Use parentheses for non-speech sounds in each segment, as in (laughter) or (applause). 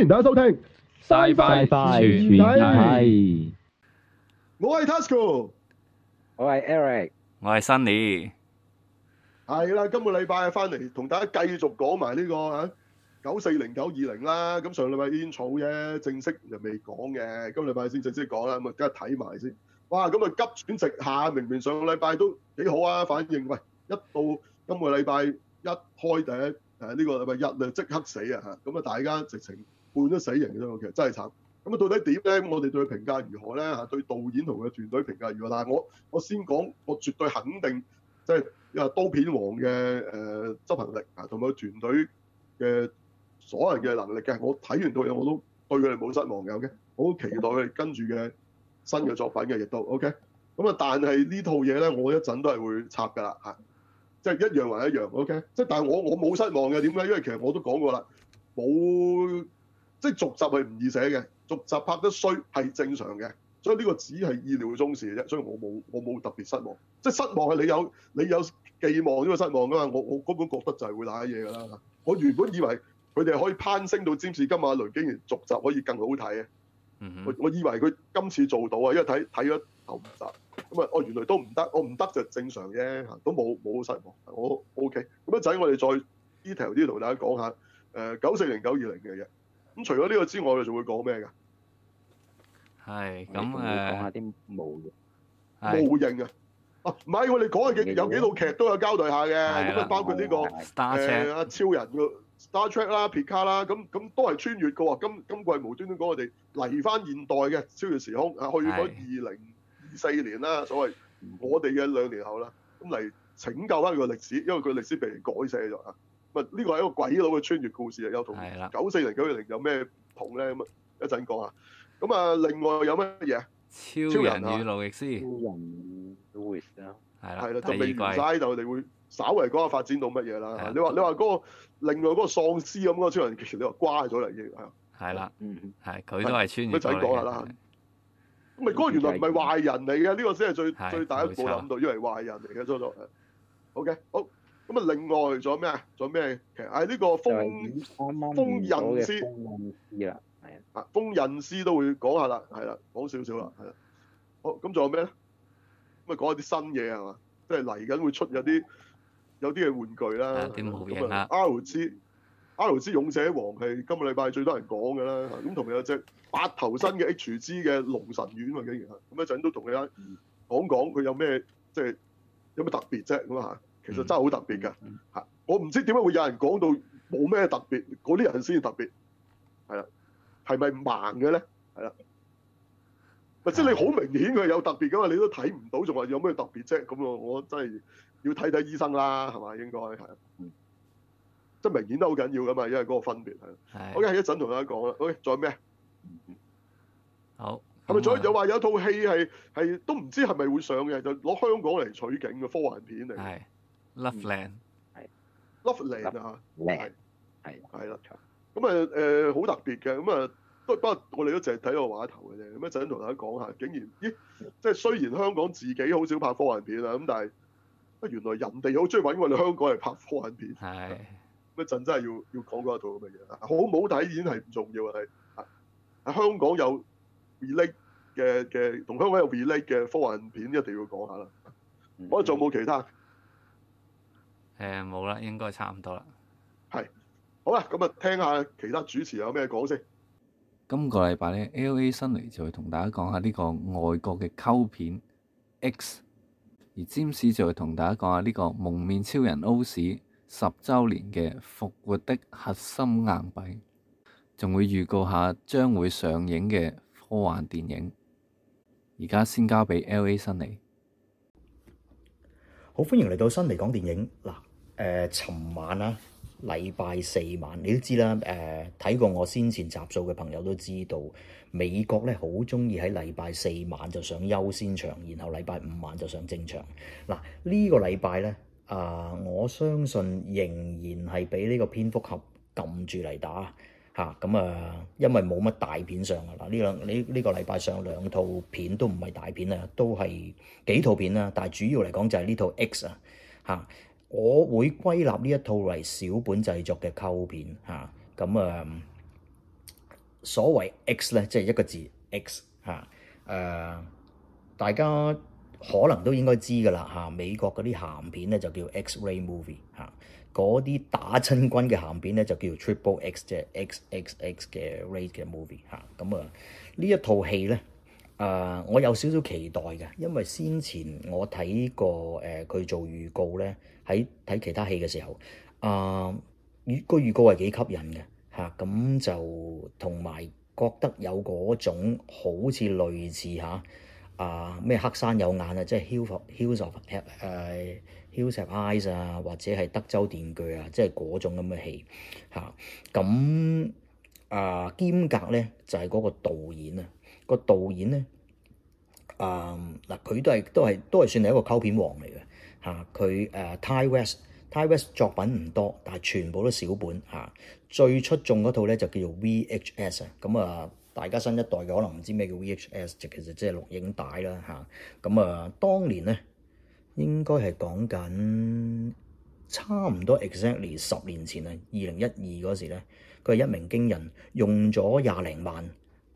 歡迎大家收聽《SciFi 全面睇》，我係 Tasuku，我係 Eric，我係 Sunny。係啦，今個禮拜翻嚟同大家繼續講埋呢個啊九四零九二零啦。咁上禮拜 intro 咗嘅，正式又未講嘅，今禮拜先正式講啦。咁啊，今日睇埋先。哇，咁啊急轉直下，明明上個禮拜都幾好啊，反應喂，一到今個禮拜一開第一誒呢個禮拜一咧即刻死啊！咁啊，大家直情。判咗死刑嘅啫，我其實真係慘。咁啊，到底點咧？我哋對佢評價如何咧？嚇，對導演同佢嘅團隊評價如何？但係我我先講，我絕對肯定，即係又刀片王嘅誒、呃、執行力啊，同埋團隊嘅所謂嘅能力嘅。我睇完套嘢我都對佢哋冇失望嘅。OK，我好期待佢哋跟住嘅新嘅作品嘅亦都 OK。咁啊，但係呢套嘢咧，我一陣都係會拆㗎啦嚇，即係、就是、一樣還一樣 OK。即係但係我我冇失望嘅點解？因為其實我都講過啦，冇。即係續集係唔易寫嘅，續集拍得衰係正常嘅，所以呢個只係意料中事嘅啫。所以我冇我冇特別失望，即係失望係你有你有寄望呢個失望㗎嘛。我我根本覺得就係會瀨嘢㗎啦。我原本以為佢哋可以攀升到占士金馬倫，竟然續集可以更好睇嘅、mm hmm.。我以為佢今次做到啊，因為睇睇咗頭五集咁啊，我原來都唔得，我唔得就正常啫，都冇冇好失望。我 OK 咁一陣，我哋再 detail 啲同大家講下誒九四零九二零嘅嘢。呃9 40, 9咁除咗呢個之外，我哋仲會講咩噶？係咁誒，講、嗯、下啲冇嘅，模型、呃、啊！哦，唔係，我哋講嘅有幾套劇都有交代下嘅，咁啊的包括呢、呢個誒阿、哦、超人嘅、嗯、Star Trek 啦、啊、Trek，皮卡啦，咁、啊、咁、啊啊、都係穿越嘅喎。今今季無端端講我哋嚟翻現代嘅超越時空啊，去嗰二零二四年啦，所謂我哋嘅兩年後啦，咁嚟的、嗯、拯救翻佢嘅歷史，因為佢歷史被改寫咗啊！唔，呢個係一個鬼佬嘅穿越故事啊，又同九四零九二零有咩同咧咁啊？一陣講下。咁啊，另外有乜嘢？超人與露易斯。超人與露易斯啦。係啦。係啦，就未完曬，就我哋會稍微講下發展到乜嘢啦。你話你話嗰個另外嗰個喪屍咁個超人，其實你話瓜咗嚟嘅係。係啦。嗯。係。佢都係穿越。一陣講下啦。唔係嗰個原來唔係壞人嚟嘅，呢個先係最最大冇諗到，以為壞人嚟嘅，初初。O K，好。咁啊！另外仲有咩啊？仲有咩？其實喺呢個封封印師、啊、啦，係啊，封印師都會講下啦，係啦，講少少啦，係啦。好，咁，仲有咩咧？咁啊，講下啲新嘢係嘛？即係嚟緊會出有啲有啲嘅玩具啦。點啊？咁 RG RG 勇者王係今個禮拜最多人講嘅啦。咁同埋有隻八頭身嘅 HG 嘅龍神丸啊！咁一陣都同你啦，講講佢有咩，即係有咩特別啫咁啊！其實真係好特別㗎，嚇、嗯嗯！我唔知點解會有人講到冇咩特別，嗰啲人先特別，係啦，係咪盲嘅咧？係啦，咪、就、即、是、你好明顯佢有特別㗎嘛？你都睇唔到，仲話有咩特別啫？咁我我真係要睇睇醫生啦，係嘛？應該係，嗯，即係明顯都好緊要㗎嘛，因為嗰個分別係。Okay, 好嘅，一陣同大家講啦。OK 仲有咩？好係咪？仲有話有套戲係係都唔知係咪會上嘅，就攞香港嚟取景嘅科幻片嚟。的 Love Land 係，mm. Love Land 是啊，係係係啦，咁啊誒，好、呃、特別嘅咁啊，不過我哋都淨係睇個話頭嘅啫。咁一陣同大家講下，竟然咦，即 (laughs) 係雖然香港自己好少拍科幻片啦，咁但係啊，原來人哋好中意揾我哋香港嚟拍科幻片。係咁，是一陣真係要要講嗰一套咁嘅嘢啊！好，冇睇已經係唔重要，係啊，喺香港有 relate 嘅、嘅，同香港有 relate 嘅科幻片一定要講下啦。我仲冇其他。 (laughs) 誒，冇啦、嗯，應該差唔多啦。係，好啦，咁啊，聽下其他主持有咩講先。今個禮拜呢 LA 辛尼就會同大家講下呢個外國嘅 Cult 片 X，而 James 就會同大家講下呢個蒙面超人歐史十周年嘅復活的核心硬幣，仲會預告下將會上映嘅科幻電影。而家先交俾 LA 辛尼，好，歡迎嚟到辛尼講電影嗱。誒，尋、呃、晚啦，禮拜四晚，你都知啦。誒、呃，睇過我先前集數嘅朋友都知道，美國咧好中意喺禮拜四晚就上優先場，然後禮拜五晚就上正場。嗱，這個、呢個禮拜咧啊，我相信仍然係俾呢個蝙蝠俠撳住嚟打嚇咁啊，因為冇乜大片上嘅嗱，呢兩呢呢個禮拜、這個、上兩套片都唔係大片啊，都係幾套片啦，但係主要嚟講就係呢套 X 啊嚇。我會歸納呢一套為小本製作嘅溝片嚇，咁啊、嗯、所謂 X 咧，即係一個字 X 嚇。誒，大家可能都應該知㗎啦嚇。美國嗰啲鹹片咧就叫 X-ray movie 嚇、啊，嗰啲打真軍嘅鹹片咧就叫 Triple X, X，即係 X X X 嘅 rate 嘅 movie 嚇、啊。咁啊呢一套戲咧。誒，uh，我有少少期待嘅，因為先前我睇過誒佢、呃、做預告咧，喺睇其他戲嘅時候，誒、呃、預個預告係幾吸引嘅嚇，咁、啊、就同埋覺得有嗰種好似類似嚇，啊咩黑山有眼啊，即係《Hills of Hills of》誒《Hills of Eyes》啊，或者係德州電鋸啊，即係嗰種咁嘅戲嚇，咁啊，啊兼夾咧就係、是、嗰個導演啊。個導演咧，誒、嗯、嗱，佢都係都係都係算係一個溝片王嚟嘅嚇。佢、啊、誒、啊、Ti West，Ti West 作品唔多，但係全部都小本嚇、啊。最出眾嗰套咧就叫做 VHS 啊。咁啊，大家新一代嘅可能唔知咩叫 VHS，其實即係錄影帶啦嚇。咁啊，啊，啊，當年咧應該係講緊差唔多 exactly 十年前啊，二零一二嗰時咧，佢係一鳴驚人，用咗廿零萬。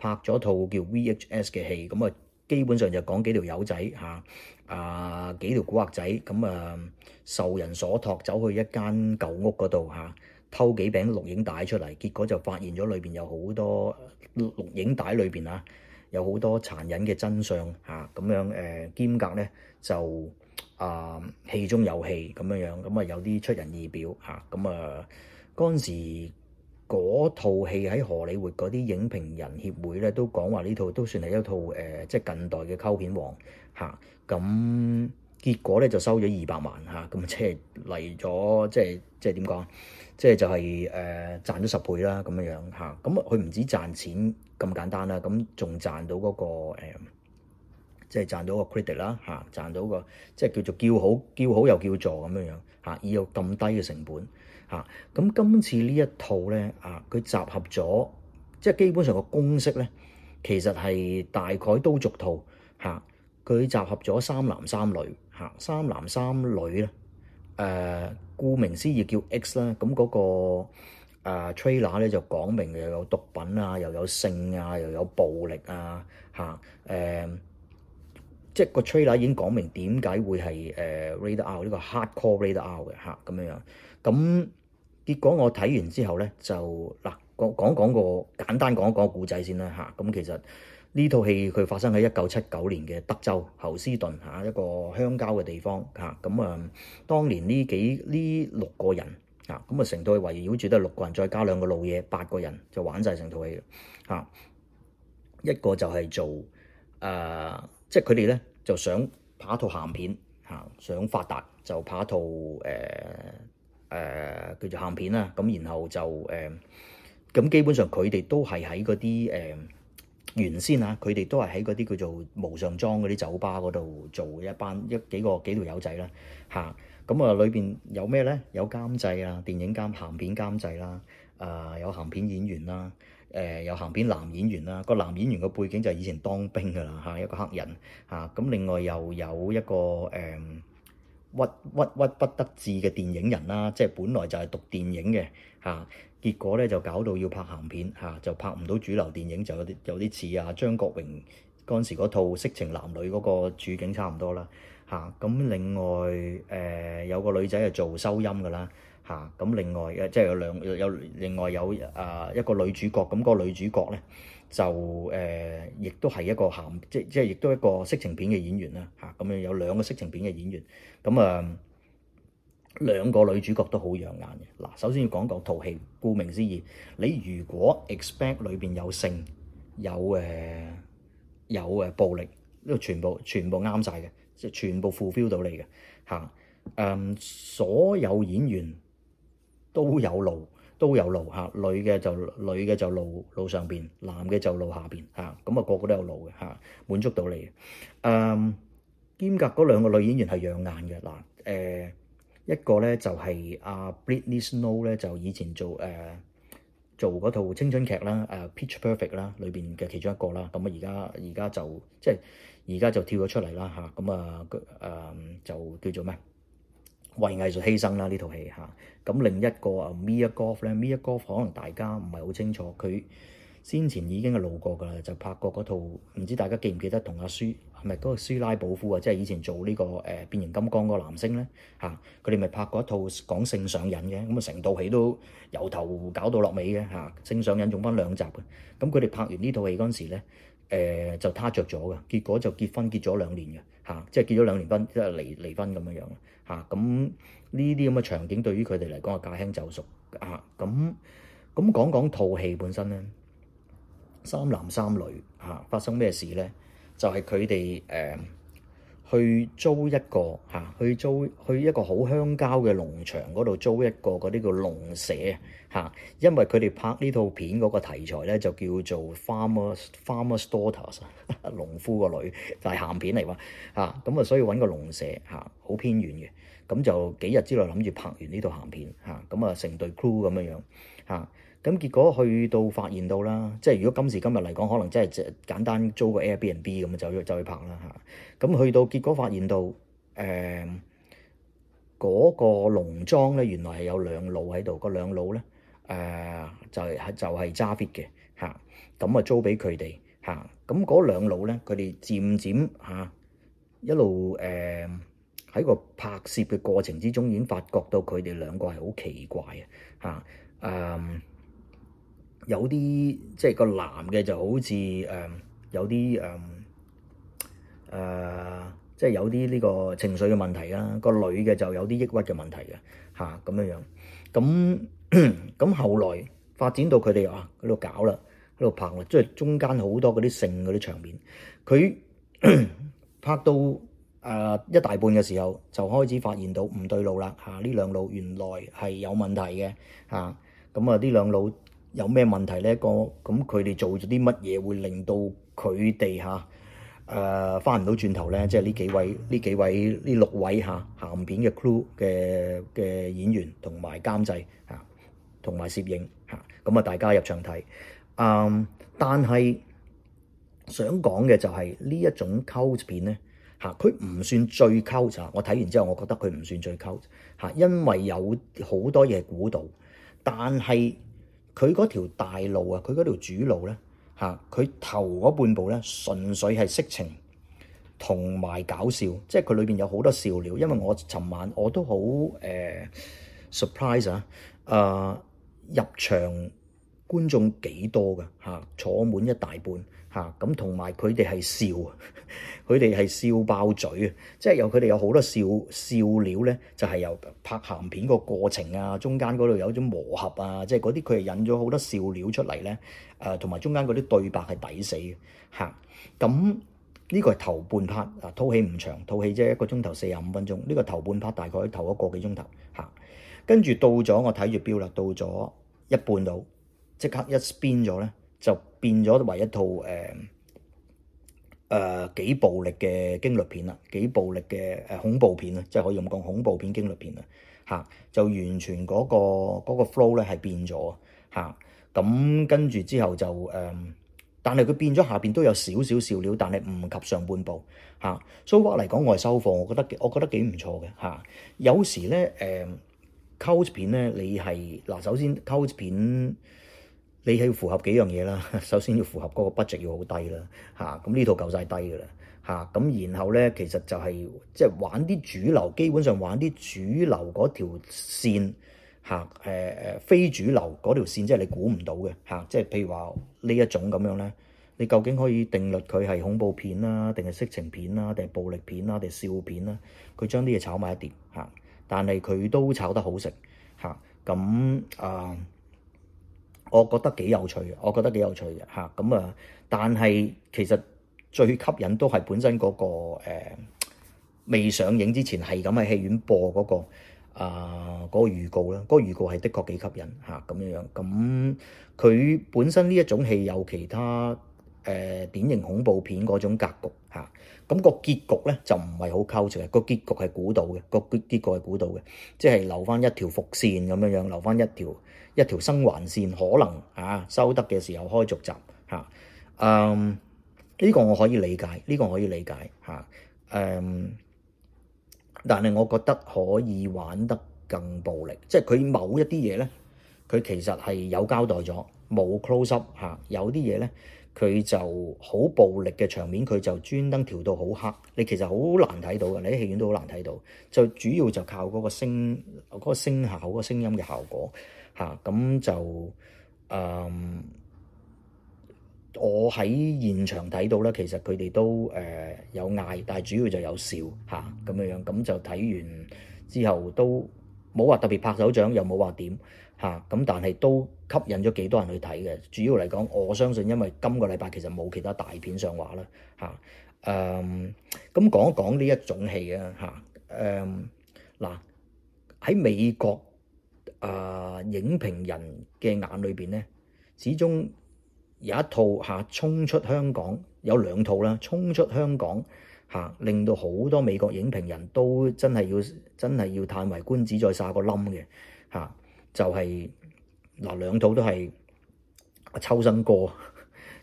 拍咗套叫 VHS 嘅戲，咁啊，基本上就講幾條友仔嚇，啊幾條古惑仔，咁啊受人所託走去一間舊屋嗰度嚇，偷幾餅錄影帶出嚟，結果就發現咗裏邊有好多錄影帶裏邊啊有好多殘忍嘅真相嚇，咁樣誒兼夾咧就啊戲中有戲咁樣樣，咁啊有啲出人意表嚇，咁啊嗰陣、啊、時。嗰套戲喺荷里活嗰啲影評人協會咧都講話呢套都算係一套誒，即係近代嘅溝片王嚇。咁、啊、結果咧就收咗二百萬嚇，咁即係嚟咗即係即係點講？即係就係、是、誒、呃、賺咗十倍啦咁樣樣嚇。咁佢唔止賺錢咁簡單啦，咁、啊、仲賺到嗰、那個、啊、即係賺到個 credit 啦、啊、嚇，賺到個即係叫做叫好叫好又叫座咁樣樣嚇，以有咁低嘅成本。咁今次呢一套咧，啊，佢集合咗，即係基本上個公式咧，其實係大概都俗套嚇。佢集合咗三男三女嚇，三男三女咧，誒，顧名思義叫 X 啦。咁嗰個誒 trailer 咧就講明又有毒品啊，又有性啊，又有暴力啊嚇。誒、嗯，即係個 trailer 已經講明點解會係誒 read out 呢個 hard core read out 嘅嚇，咁樣樣咁。結果我睇完之後咧，就嗱講講個簡單講一講一個故仔先啦，嚇。咁其實呢套戲佢發生喺一九七九年嘅德州侯斯頓，嚇一個鄉郊嘅地方嚇。咁啊，當年呢幾呢六個人啊，咁啊成套圍繞住都係六個人，再加兩個老嘢，八個人就玩晒成套戲啦，嚇。一個就係做誒、啊，即係佢哋咧就想拍一套鹹片嚇、啊，想發達就拍一套誒。啊誒、呃、叫做鹹片啦，咁然後就誒，咁、呃、基本上佢哋都係喺嗰啲誒原先啊，佢哋都係喺嗰啲叫做無上莊嗰啲酒吧嗰度做一班一幾個幾條友仔啦吓，咁啊裏邊有咩咧？有監製啦，電影監鹹片監製啦，啊有鹹片演員啦，誒、啊、有鹹片男演員啦，個、啊、男演員、嗰個演員嘅背景就以前當兵㗎喇吓，一個黑人吓，咁、啊、另外又有一個誒。啊屈屈屈不得志嘅電影人啦，即係本來就係讀電影嘅嚇、啊，結果咧就搞到要拍鹹片嚇、啊，就拍唔到主流電影，就有啲有啲似啊張國榮嗰陣時嗰套色情男女嗰個處境差唔多啦嚇。咁、啊、另外誒、呃、有個女仔係做收音㗎啦嚇。咁、啊、另外嘅即係有兩有，有另外有啊一個女主角，咁、嗰個女主角咧。就誒、呃、亦都係一個鹹，即即係亦都一個色情片嘅演員啦吓，咁樣有兩個色情片嘅演員，咁啊兩、嗯、個女主角都好養眼嘅。嗱，首先要講講套戲，顧名思義，你如果 expect 裏邊有性，有誒、呃、有誒暴力，呢個全部全部啱晒嘅，即係全部 fulfill 到你嘅吓，誒所有演員都有路。都有露嚇，女嘅就女嘅就露露上邊，男嘅就露下邊嚇，咁啊個個都有露嘅嚇，滿足到你。嗯、um，兼夾嗰兩個女演員係養眼嘅嗱，誒一個咧就係、是、阿、啊、Brittany Snow 咧，就以前做誒、啊、做嗰套青春劇啦，誒、啊、Pitch Perfect 啦裏邊嘅其中一個啦，咁啊而家而家就即係而家就跳咗出嚟啦嚇，咁啊誒、啊、就叫做咩？為藝術犧牲啦！呢套戲嚇，咁另一個啊，Mia Goth 咧，Mia Goth 可能大家唔係好清楚，佢先前已經係路過㗎啦，就拍過嗰套唔知大家記唔記得同阿舒係咪嗰個舒拉保夫啊，即係以前做呢個誒變形金剛嗰個男星咧嚇，佢哋咪拍過一套講性上癮嘅咁啊，成套戲都由頭搞到落尾嘅嚇，性上癮，用翻兩集嘅，咁佢哋拍完呢套戲嗰陣時咧誒，就他着咗㗎，結果就結婚結咗兩年嘅嚇，即係結咗兩年婚即係離離婚咁樣樣。嚇，咁呢啲咁嘅場景對於佢哋嚟講係駕輕就熟啊！咁咁，講講套戲本身咧，三男三女嚇，發生咩事咧？就係佢哋誒，Uh 去租一個嚇，去租去一個好鄉郊嘅農場嗰度租一個嗰啲叫農舍嚇，因為佢哋拍呢套片嗰個題材咧就叫做 Farmers Farmers Daughters (laughs) 農夫個女，就係、是、鹹片嚟嘛嚇，咁啊所以揾個農舍嚇，好偏遠嘅，咁就幾日之內諗住拍完呢套鹹片嚇，咁啊成隊 crew 咁樣樣嚇。咁結果去到發現到啦，即係如果今時今日嚟講，可能真係即係簡單租個 Airbnb 咁就去就去拍啦嚇。咁、啊、去到結果發現到，誒、嗯、嗰、那個農莊咧原來係有兩老喺度，個兩老咧誒就係、是、就係揸 fit 嘅嚇，咁啊租俾佢哋嚇。咁、啊、嗰兩老咧，佢哋漸漸嚇、啊、一路誒喺、啊、個拍攝嘅過程之中已經發覺到佢哋兩個係好奇怪嘅嚇，嗯、啊。啊有啲即係個男嘅就好似誒、嗯、有啲誒誒，即係有啲呢個情緒嘅問題啊。個女嘅就有啲抑鬱嘅問題嘅嚇咁樣樣。咁咁後來發展到佢哋啊喺度搞啦，喺度拍啦，即係中間好多嗰啲性嗰啲場面。佢拍到誒、啊、一大半嘅時候，就開始發現到唔對路啦嚇。呢、啊、兩路原來係有問題嘅嚇。咁啊呢兩路。有咩問題呢？個咁佢哋做咗啲乜嘢會令到佢哋嚇誒返唔到轉頭呢？即係呢幾位，呢幾位，呢六位嚇鹹、啊、片嘅 crew 嘅、嘅演員同埋監製嚇，同、啊、埋攝影嚇，咁啊大家入場睇。嗯、啊，但係想講嘅就係、是、呢一種 cult 片呢嚇，佢、啊、唔算最 cult 咋。我睇完之後，我覺得佢唔算最 cult 嚇、啊，因為有好多嘢估到，但係。佢嗰條大路啊，佢嗰條主路咧嚇，佢頭嗰半部咧純粹係色情同埋搞笑，即係佢裏邊有好多笑料。因為我尋晚我都好誒 surprise 啊，誒入場觀眾幾多㗎嚇，坐滿一大半。嚇咁同埋佢哋係笑，佢哋係笑爆嘴啊！即係有佢哋有好多笑笑料咧，就係、是、由拍鹹片個過程啊，中間嗰度有一種磨合啊，即係嗰啲佢係引咗好多笑料出嚟咧。誒，同埋中間嗰啲對白係抵死嘅嚇。咁呢個係頭半拍啊，套戲唔長，套戲即係一個鐘頭四廿五分鐘。呢個頭半拍大概頭一個幾鐘頭嚇，跟、嗯、住到咗我睇住標啦到咗一半度，即刻一 spin 咗咧。就變咗為一套誒誒幾暴力嘅驚慄片啦，幾暴力嘅誒恐怖片啦，即係可以咁講恐怖片、驚慄片啦嚇、啊，就完全嗰、那個 flow 咧係變咗嚇，咁、啊、跟住之後就誒、啊，但係佢變咗下邊都有小小少少笑料，但係唔及上半部嚇，so、啊、話嚟講，我係收貨，我覺得我覺得幾唔錯嘅嚇、啊，有時咧誒，cult 片咧你係嗱，首先 cult 片。你係要符合幾樣嘢啦，首先要符合嗰個 budget 要好低啦，嚇咁呢套夠晒低噶啦，嚇、啊、咁然後咧其實就係、是、即係玩啲主流，基本上玩啲主流嗰條線嚇誒、啊呃、非主流嗰條線、啊，即係你估唔到嘅嚇，即係譬如話呢一種咁樣咧，你究竟可以定律佢係恐怖片啦，定係色情片啦，定係暴力片啦，定係笑片啦，佢將啲嘢炒埋一碟嚇、啊，但係佢都炒得好食嚇咁啊！啊。我覺得幾有趣嘅，我覺得幾有趣嘅嚇。咁啊，但係其實最吸引都係本身嗰、嗰個、呃、未上映之前係咁喺戲院播嗰、嗰個啊嗰、呃嗰個預告啦，嗰、嗰個預告係的確幾吸引嚇咁樣樣。咁、啊、佢本身呢一種戲有其他誒、呃、典型恐怖片嗰種格局嚇。咁、啊啊嗰個結局咧就唔係好構成嘅，嗰個結局係估到嘅，嗰個結局係估到嘅，即係留翻一條伏線咁樣樣，留翻一條。一條生還線可能啊收得嘅時候開續集嚇，嗯、啊、呢、呢個我可以理解，呢、呢個我可以理解嚇，誒、啊嗯，但係我覺得可以玩得更暴力，即係佢某一啲嘢咧，佢其實係有交代咗冇 close up 嚇、啊，有啲嘢咧佢就好暴力嘅場面，佢就專登調到好黑，你其實好難睇到嘅，你喺戲院都好難睇到，就主要就靠嗰個聲嗰、嗰個聲效嗰聲、嗰個、音嘅效果。嚇咁、啊、就誒、嗯，我喺現場睇到咧，其實佢哋都誒有嗌，但係主要就有笑嚇咁樣樣，咁就睇完之後都冇話特別拍手掌，又冇話點嚇，咁、啊、但係都吸引咗幾多人去睇嘅。主要嚟講，我相信因為今個禮拜其實冇其他大片上畫啦嚇，誒咁講一講呢一種戲啊嚇，誒嗱喺美國。啊！影評人嘅眼裏邊咧，始終有一套嚇、啊、衝出香港，有兩套啦，衝出香港嚇，令到好多美國影評人都真係要真係要歎為觀止再，再撒個冧嘅嚇，就係、是、嗱、啊、兩套都係《秋生哥》《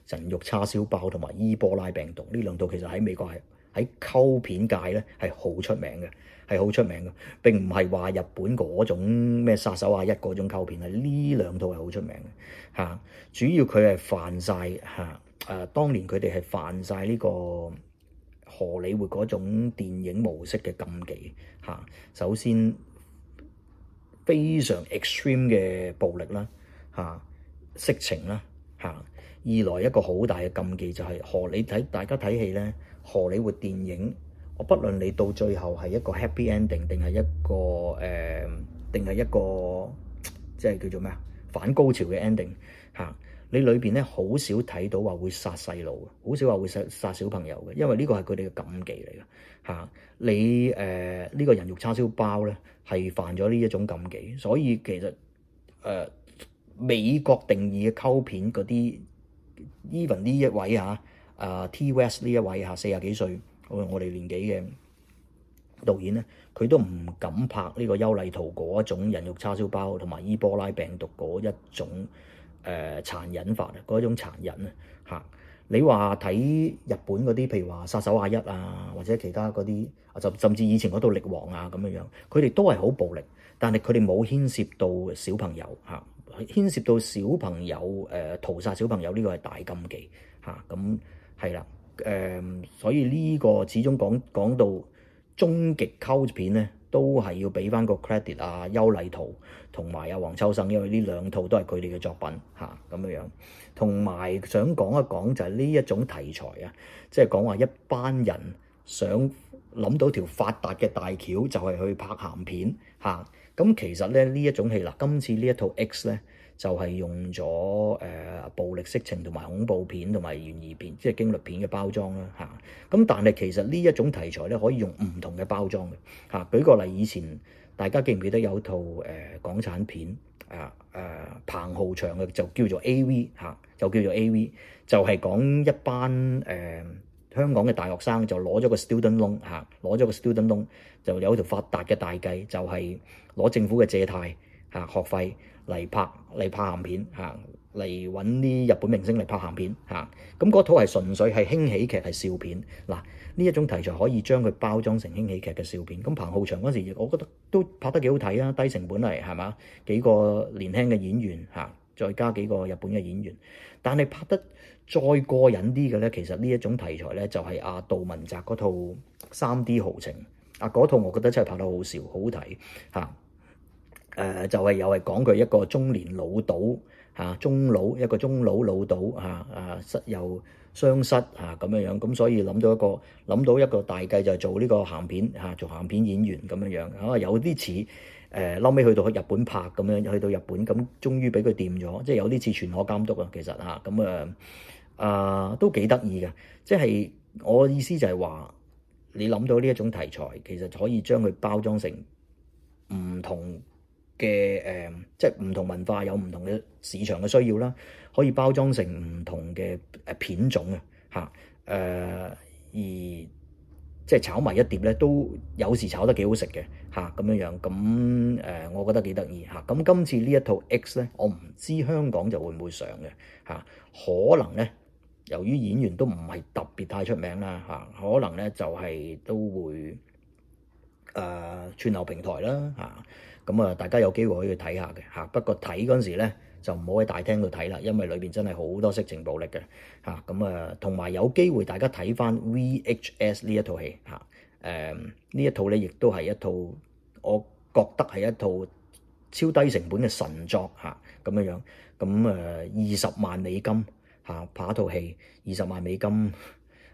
人肉叉燒包》同埋《伊波拉病毒》呢兩套，其實喺美國係喺溝片界咧係好出名嘅。係好出名嘅，並唔係話日本嗰種咩殺手啊，一嗰種構片，係呢兩套係好出名嘅嚇、啊。主要佢係犯晒，嚇、啊，誒、啊，當年佢哋係犯晒呢個荷里活嗰種電影模式嘅禁忌嚇、啊。首先，非常 extreme 嘅暴力啦嚇、啊，色情啦嚇、啊。二來一個好大嘅禁忌就係荷里睇大家睇戲咧，荷里活電影。不論你到最後係一個 happy ending，定係一個誒，定、呃、係一個即係叫做咩啊？反高潮嘅 ending 嚇、啊，你裏邊咧好少睇到話會殺細路嘅，好少話會殺殺小朋友嘅，因為呢個係佢哋嘅禁忌嚟嘅嚇。你誒呢、呃這個人肉叉燒包咧，係犯咗呢一種禁忌，所以其實誒、呃、美國定義嘅溝片嗰啲，even 呢一位嚇，啊 t w e s 呢一位嚇，四廿幾歲。我哋年紀嘅導演咧，佢都唔敢拍呢、呢個邱禮濤嗰一種人肉叉燒包，同埋《伊波拉病毒》嗰一種誒殘忍法，嗰一種殘忍啊！嚇，你話睇日本嗰啲，譬如話《殺手阿一》啊，或者其他嗰啲，就甚至以前嗰套《力王》啊咁樣樣，佢哋都係好暴力，但係佢哋冇牽涉到小朋友嚇、啊，牽涉到小朋友誒、啊、屠殺小朋友呢個係大禁忌嚇，咁係啦。誒、嗯，所以呢個始終講講到終極溝片咧，都係要俾翻個 credit 啊，邱禮濤同埋阿黃秋生，因為呢兩套都係佢哋嘅作品嚇咁樣樣。同埋想講一講就係呢一種題材啊，即係講話一班人想諗到條發達嘅大橋，就係、是、去拍鹹片嚇。咁、啊嗯、其實咧呢一種戲啦，今次呢一套 X 咧。就係用咗誒、呃、暴力色情同埋恐怖片同埋懸疑片，即係驚慄片嘅包裝啦嚇。咁、啊、但係其實呢一種題材咧，可以用唔同嘅包裝嘅嚇、啊。舉個例，以前大家記唔記得有套誒、呃、港產片啊誒、啊、彭浩翔嘅就叫做 A V 嚇、啊，就叫做 A V，就係講一班誒、呃、香港嘅大學生就攞咗個 student loan 嚇、啊，攞咗個 student loan 就有條發達嘅大計，就係、是、攞政府嘅借貸嚇、啊、學費。嚟拍嚟拍鹹片嚇，嚟揾啲日本明星嚟拍鹹片嚇。咁、啊、嗰套係純粹係輕喜劇，係笑片。嗱、啊，呢一種題材可以將佢包裝成輕喜劇嘅笑片。咁彭浩翔嗰陣時，我覺得都拍得幾好睇啊，低成本嚟係嘛？幾個年輕嘅演員嚇、啊，再加幾個日本嘅演員。但係拍得再過癮啲嘅咧，其實呢一種題材咧，就係、是、阿、啊、杜文澤嗰套三 D 豪情。阿、啊、嗰套我覺得真係拍得好笑，好睇嚇。啊誒、呃、就係、是、又係講佢一個中年老賭嚇、啊，中老一個中老老賭嚇啊，啊，失又相失嚇咁、啊、樣樣咁、啊，所以諗到一個諗到一個大計就係做呢個鹹片嚇、啊，做鹹片演員咁樣樣啊，有啲似誒。後尾去到去日本拍咁樣，去到日本咁，終於俾佢掂咗，即係有啲似全裸監督啊。其實嚇咁啊啊，啊都幾得意嘅，即係我意思就係話你諗到呢一種題材，其實可以將佢包裝成唔同。嘅誒，即係唔同文化有唔同嘅市場嘅需要啦，可以包裝成唔同嘅誒片種嘅嚇誒，而即係炒埋一碟咧，都有時炒得幾好食嘅嚇咁樣樣，咁、啊、誒，我覺得幾得意嚇。咁、啊、今次呢一套 X 咧，我唔知香港就會唔會上嘅嚇、啊，可能咧由於演員都唔係特別太出名啦嚇、啊，可能咧就係、是、都會誒、啊、串流平台啦嚇。啊咁啊，大家有機會可以去睇下嘅嚇。不過睇嗰陣時咧，就唔好喺大廳度睇啦，因為裏邊真係好多色情暴力嘅嚇。咁啊，同埋有，有機會大家睇翻 VHS 呢一套戲嚇。誒、啊、呢一套咧，亦都係一套我覺得係一套超低成本嘅神作嚇。咁、啊、樣樣，咁啊二十萬美金嚇、啊、拍一套戲，二十萬美金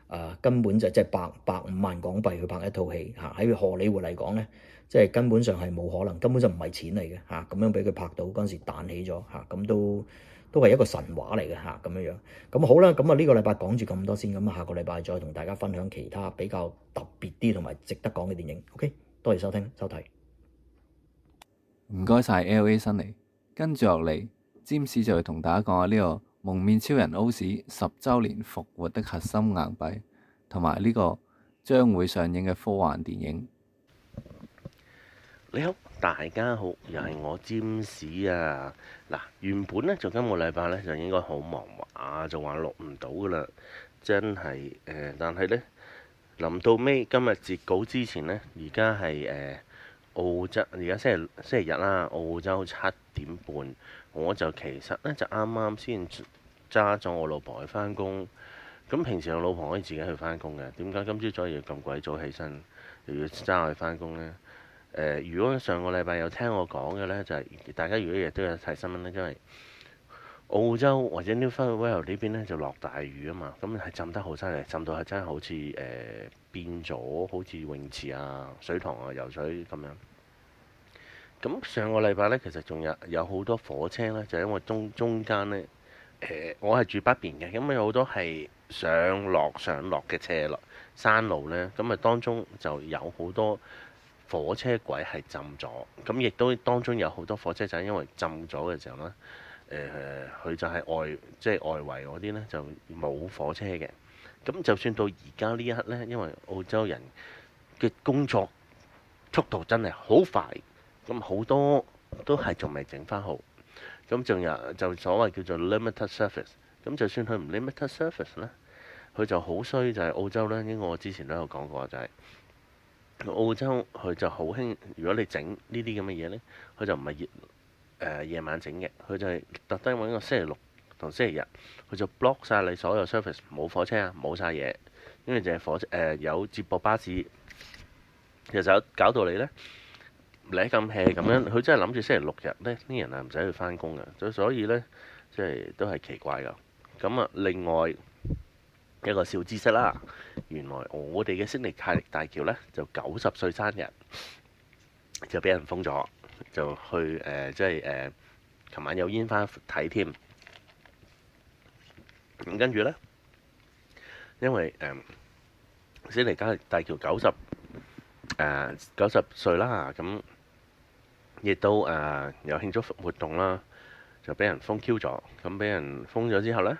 啊根本就即係百百五萬港幣去拍一套戲嚇。喺、啊、荷里活嚟講咧。即係根本上係冇可能，根本就唔係錢嚟嘅嚇。咁、啊、樣畀佢拍到嗰陣時彈起咗嚇，咁、啊、都都係一個神話嚟嘅嚇咁樣樣。咁、啊、好啦，咁啊呢個禮拜講住咁多先，咁下個禮拜再同大家分享其他比較特別啲同埋值得講嘅電影。OK，多謝收聽收睇。唔該晒。LA 辛尼，跟住落嚟，James 就會同大家講下呢、這個蒙面超人 OOO 十週年復活的核心硬幣，同埋呢個將會上映嘅科幻電影。你好，大家好，又係我占士啊！嗱、啊，原本呢，就今個禮拜呢，就應該好忙啊，就話錄唔到噶啦，真係誒、呃！但係呢，臨到尾今日截稿之前呢，而家係誒澳洲，而家先係星期日啦，澳洲七點半，我就其實呢，就啱啱先揸咗我老婆去返工。咁平時我老婆可以自己去返工嘅，點解今朝早要咁鬼早起身又要揸去返工呢？誒、呃，如果上個禮拜有聽我講嘅呢，就係、是、大家如果日都有睇新聞呢，因為澳洲或者 New South Wales 呢邊咧就落大雨啊嘛，咁、嗯、係、嗯、浸得好犀利，浸到係真係好似誒、呃、變咗好似泳池啊、水塘啊、游水咁、啊、樣。咁、嗯、上個禮拜呢，其實仲有有好多火車呢，就因為中中間呢，呃、我係住北邊嘅，咁、嗯、啊有好多係上落上落嘅車落山路呢。咁、嗯、啊、嗯、當中就有好多。火車軌係浸咗，咁亦都當中有好多火車站、就是、因為浸咗嘅時候呢，佢、呃、就係外即係、就是、外圍嗰啲呢，就冇火車嘅。咁就算到而家呢一刻呢，因為澳洲人嘅工作速度真係好快，咁好多都係仲未整翻好。咁仲有就所謂叫做 limited service，咁就算佢唔 limited service 呢，佢就好衰就係、是、澳洲呢，因為我之前都有講過就係、是。澳洲佢就好興，如果你整呢啲咁嘅嘢呢，佢就唔係夜、呃、夜晚整嘅，佢就係特登揾個星期六同星期日，佢就 block 晒你所有 service，冇火車啊，冇晒嘢，因為淨係火車、呃、有接駁巴士，其實搞到你咧嚟咁 hea 咁樣，佢真係諗住星期六日呢，啲人係唔使去返工嘅，所所以呢，即係都係奇怪㗎。咁啊，另外一個小知識啦。原來我我哋嘅悉尼泰力大橋呢，就九十歲生日就俾人封咗，就去誒，即係誒，琴晚有煙花睇添。咁跟住呢，因為誒悉尼泰大橋九十誒九十歲啦，咁亦都誒有慶祝活動啦，就俾人封 Q 咗。咁俾人封咗之後呢，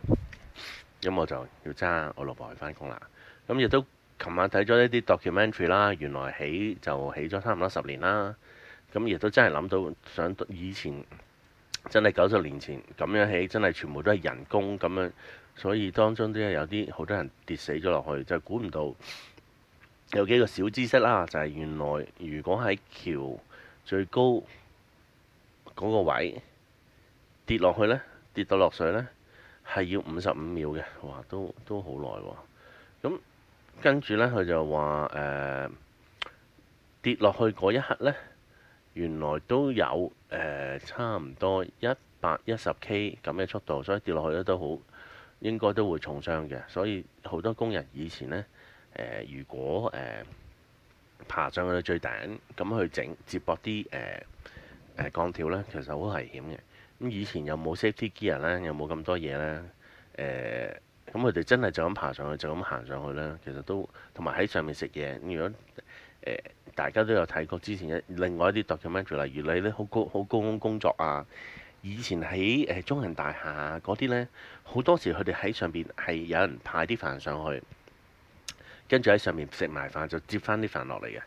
咁我就要揸我老婆去返工啦。咁亦、嗯、都，琴晚睇咗一啲 documentary 啦，原來起就起咗差唔多十年啦。咁、嗯、亦都真係諗到，想以前真係九十年前咁樣起，真係全部都係人工咁樣，所以當中都係有啲好多人跌死咗落去，就估唔到有幾個小知識啦，就係、是、原來如果喺橋最高嗰個位跌落去呢，跌到落水呢，係要五十五秒嘅，哇，都都好耐喎。咁、嗯跟住呢，佢就話誒、呃、跌落去嗰一刻呢，原來都有誒、呃、差唔多一百一十 k 咁嘅速度，所以跌落去呢都好應該都會重傷嘅。所以好多工人以前呢，呃、如果、呃、爬上去最頂咁去整接駁啲誒誒鋼條呢，其實好危險嘅。咁、呃、以前又冇 safety gear 啦，又冇咁多嘢啦。呃咁佢哋真係就咁爬上去，就咁行上去啦。其實都同埋喺上面食嘢。如果、呃、大家都有睇過之前一另外一啲 documentary，例如你呢好高好高工作啊，以前喺、呃、中銀大廈嗰、啊、啲呢，好多時佢哋喺上邊係有人派啲飯上去，跟住喺上面食埋飯，就接翻啲飯落嚟嘅。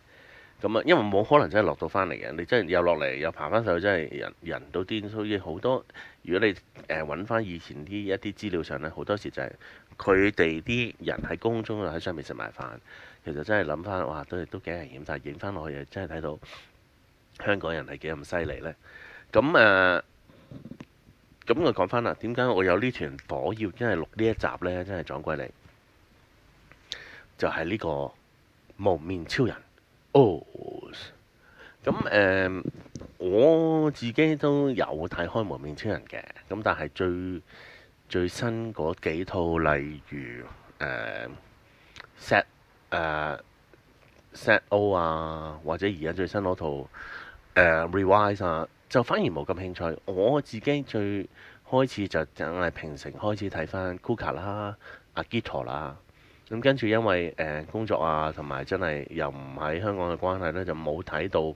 咁啊，因為冇可能真係落到翻嚟嘅，你真係又落嚟又爬翻上去，真係人人都癲，所以好多，如果你誒揾翻以前啲一啲資料上咧，好多時就係佢哋啲人喺宮中喺上面食埋飯，其實真係諗翻，哇都都幾危險，但係影翻落去真係睇到香港人係幾咁犀利咧。咁誒，咁，呃，我講翻啦，點解我有呢團火要真係錄呢一集咧？真係撞鬼嚟，就係呢個蒙面超人。哦，咁誒，我自己都有睇開幪面超人嘅，咁但係最最新嗰幾套，例如誒 set set O 啊，或者而家最新嗰套 Revice 啊，就反而冇咁興趣。我自己最開始就真係平成開始睇翻 Kuuga 啦，阿基陀啦。咁跟住，因為誒工作啊，同埋真係又唔喺香港嘅關係咧，就冇睇到，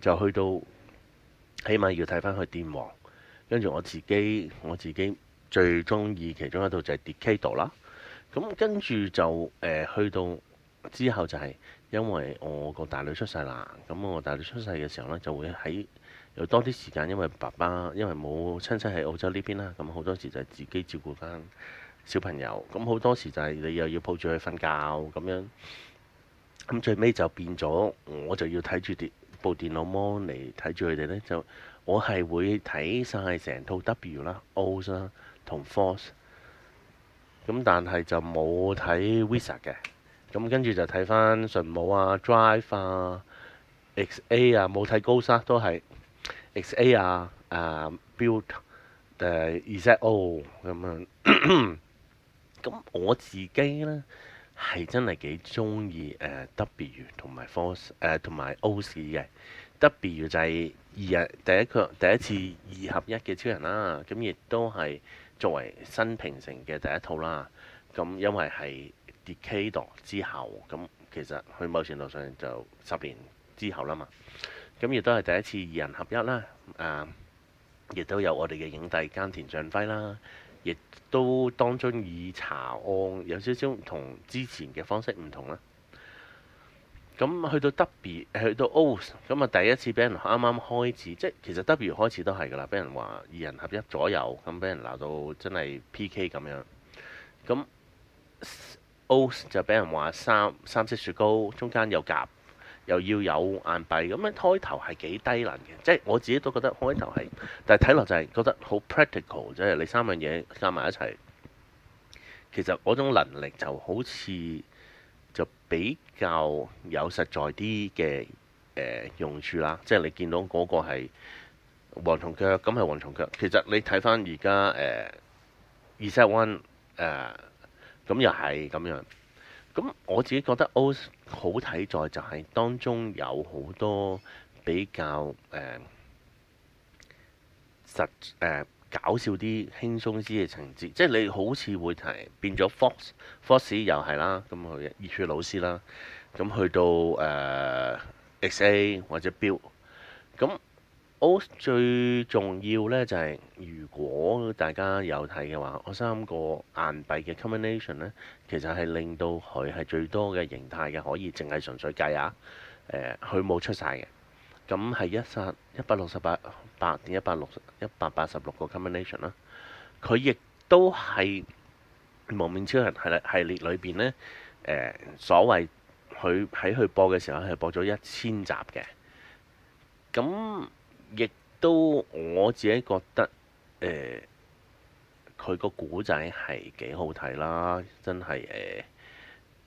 就去到，起碼要睇翻佢電王。跟住我自己，我自己最鍾意其中一套就係 Decade 啦。咁跟住就誒、呃、去到之後就係，因為我個大女出世啦。咁我大女出世嘅時候咧，就會喺有多啲時間，因為爸爸因為冇親戚喺澳洲呢邊啦，咁好多時就係自己照顧翻。小朋友，咁好多時就係你又要抱住佢瞓覺咁樣，咁最尾就變咗我就要睇住電部電腦 mon 嚟睇住佢哋呢，就我係會睇晒成套 W 啦 O 啦同 Force，咁但係就冇睇 Visa 嘅，咁跟住就睇翻純武啊，Drive 啊，XA 啊，冇睇高沙，都係 XA 啊，Build 嘅 ZI-O 咁樣。 (coughs) 咁、嗯、我自己呢，係真係幾中意誒 W 同埋 Force 誒、呃、同埋 OOO 嘅 W 就係二人第一個第一次二合一嘅超人啦，咁、嗯、亦都係作為新平成嘅第一套啦。咁、嗯、因為係 Decade 之後，咁、嗯、其實佢某程度上就十年之後啦嘛。咁、嗯、亦都係第一次二人合一啦，啊、嗯，亦都有我哋嘅影帝菅田將暉啦。亦都當中以查案有少少同之前嘅方式唔同啦。咁去到 W，去到 O 咁啊，第一次俾人啱啱開始，即係其實 W 開始都係㗎喇，俾人話二人合一左右，咁俾人鬧到真係 PK 咁樣。咁 O 就俾人話三三色雪糕，中間有夾。又要有硬幣，咁樣開頭係幾低能嘅，即係我自己都覺得開頭係，但係睇落就係覺得好 practical，即係你三樣嘢加埋一齊，其實嗰種能力就好似就比較有實在啲嘅誒用處啦。即係你見到嗰個係蝗蟲腳，咁係蝗蟲腳。其實你睇翻而家誒 Zero One 誒，咁、呃呃、又係咁樣。咁、嗯、我自己覺得 OOO 好睇在就係當中有好多比較誒、呃、實誒、呃、搞笑啲、輕鬆啲嘅情節，即係你好似會提變咗 Fox，Fox 又係啦，咁佢熱血老師啦，咁、嗯、去到誒、呃、XA 或者 Build 咁。我最重要呢，就係、是，如果大家有睇嘅話，我三個硬幣嘅 combination 呢，其實係令到佢係最多嘅形態嘅，可以淨係純粹計啊！佢、呃、冇出晒嘅，咁係一殺一百六十八八點一百六十一百八十六個 combination 啦。佢亦都係蒙面超人系列裏列裏邊呢，所謂佢喺佢播嘅時候係播咗一千集嘅，咁。亦都我自己覺得，誒、呃，佢個古仔係幾好睇啦，真係誒、呃。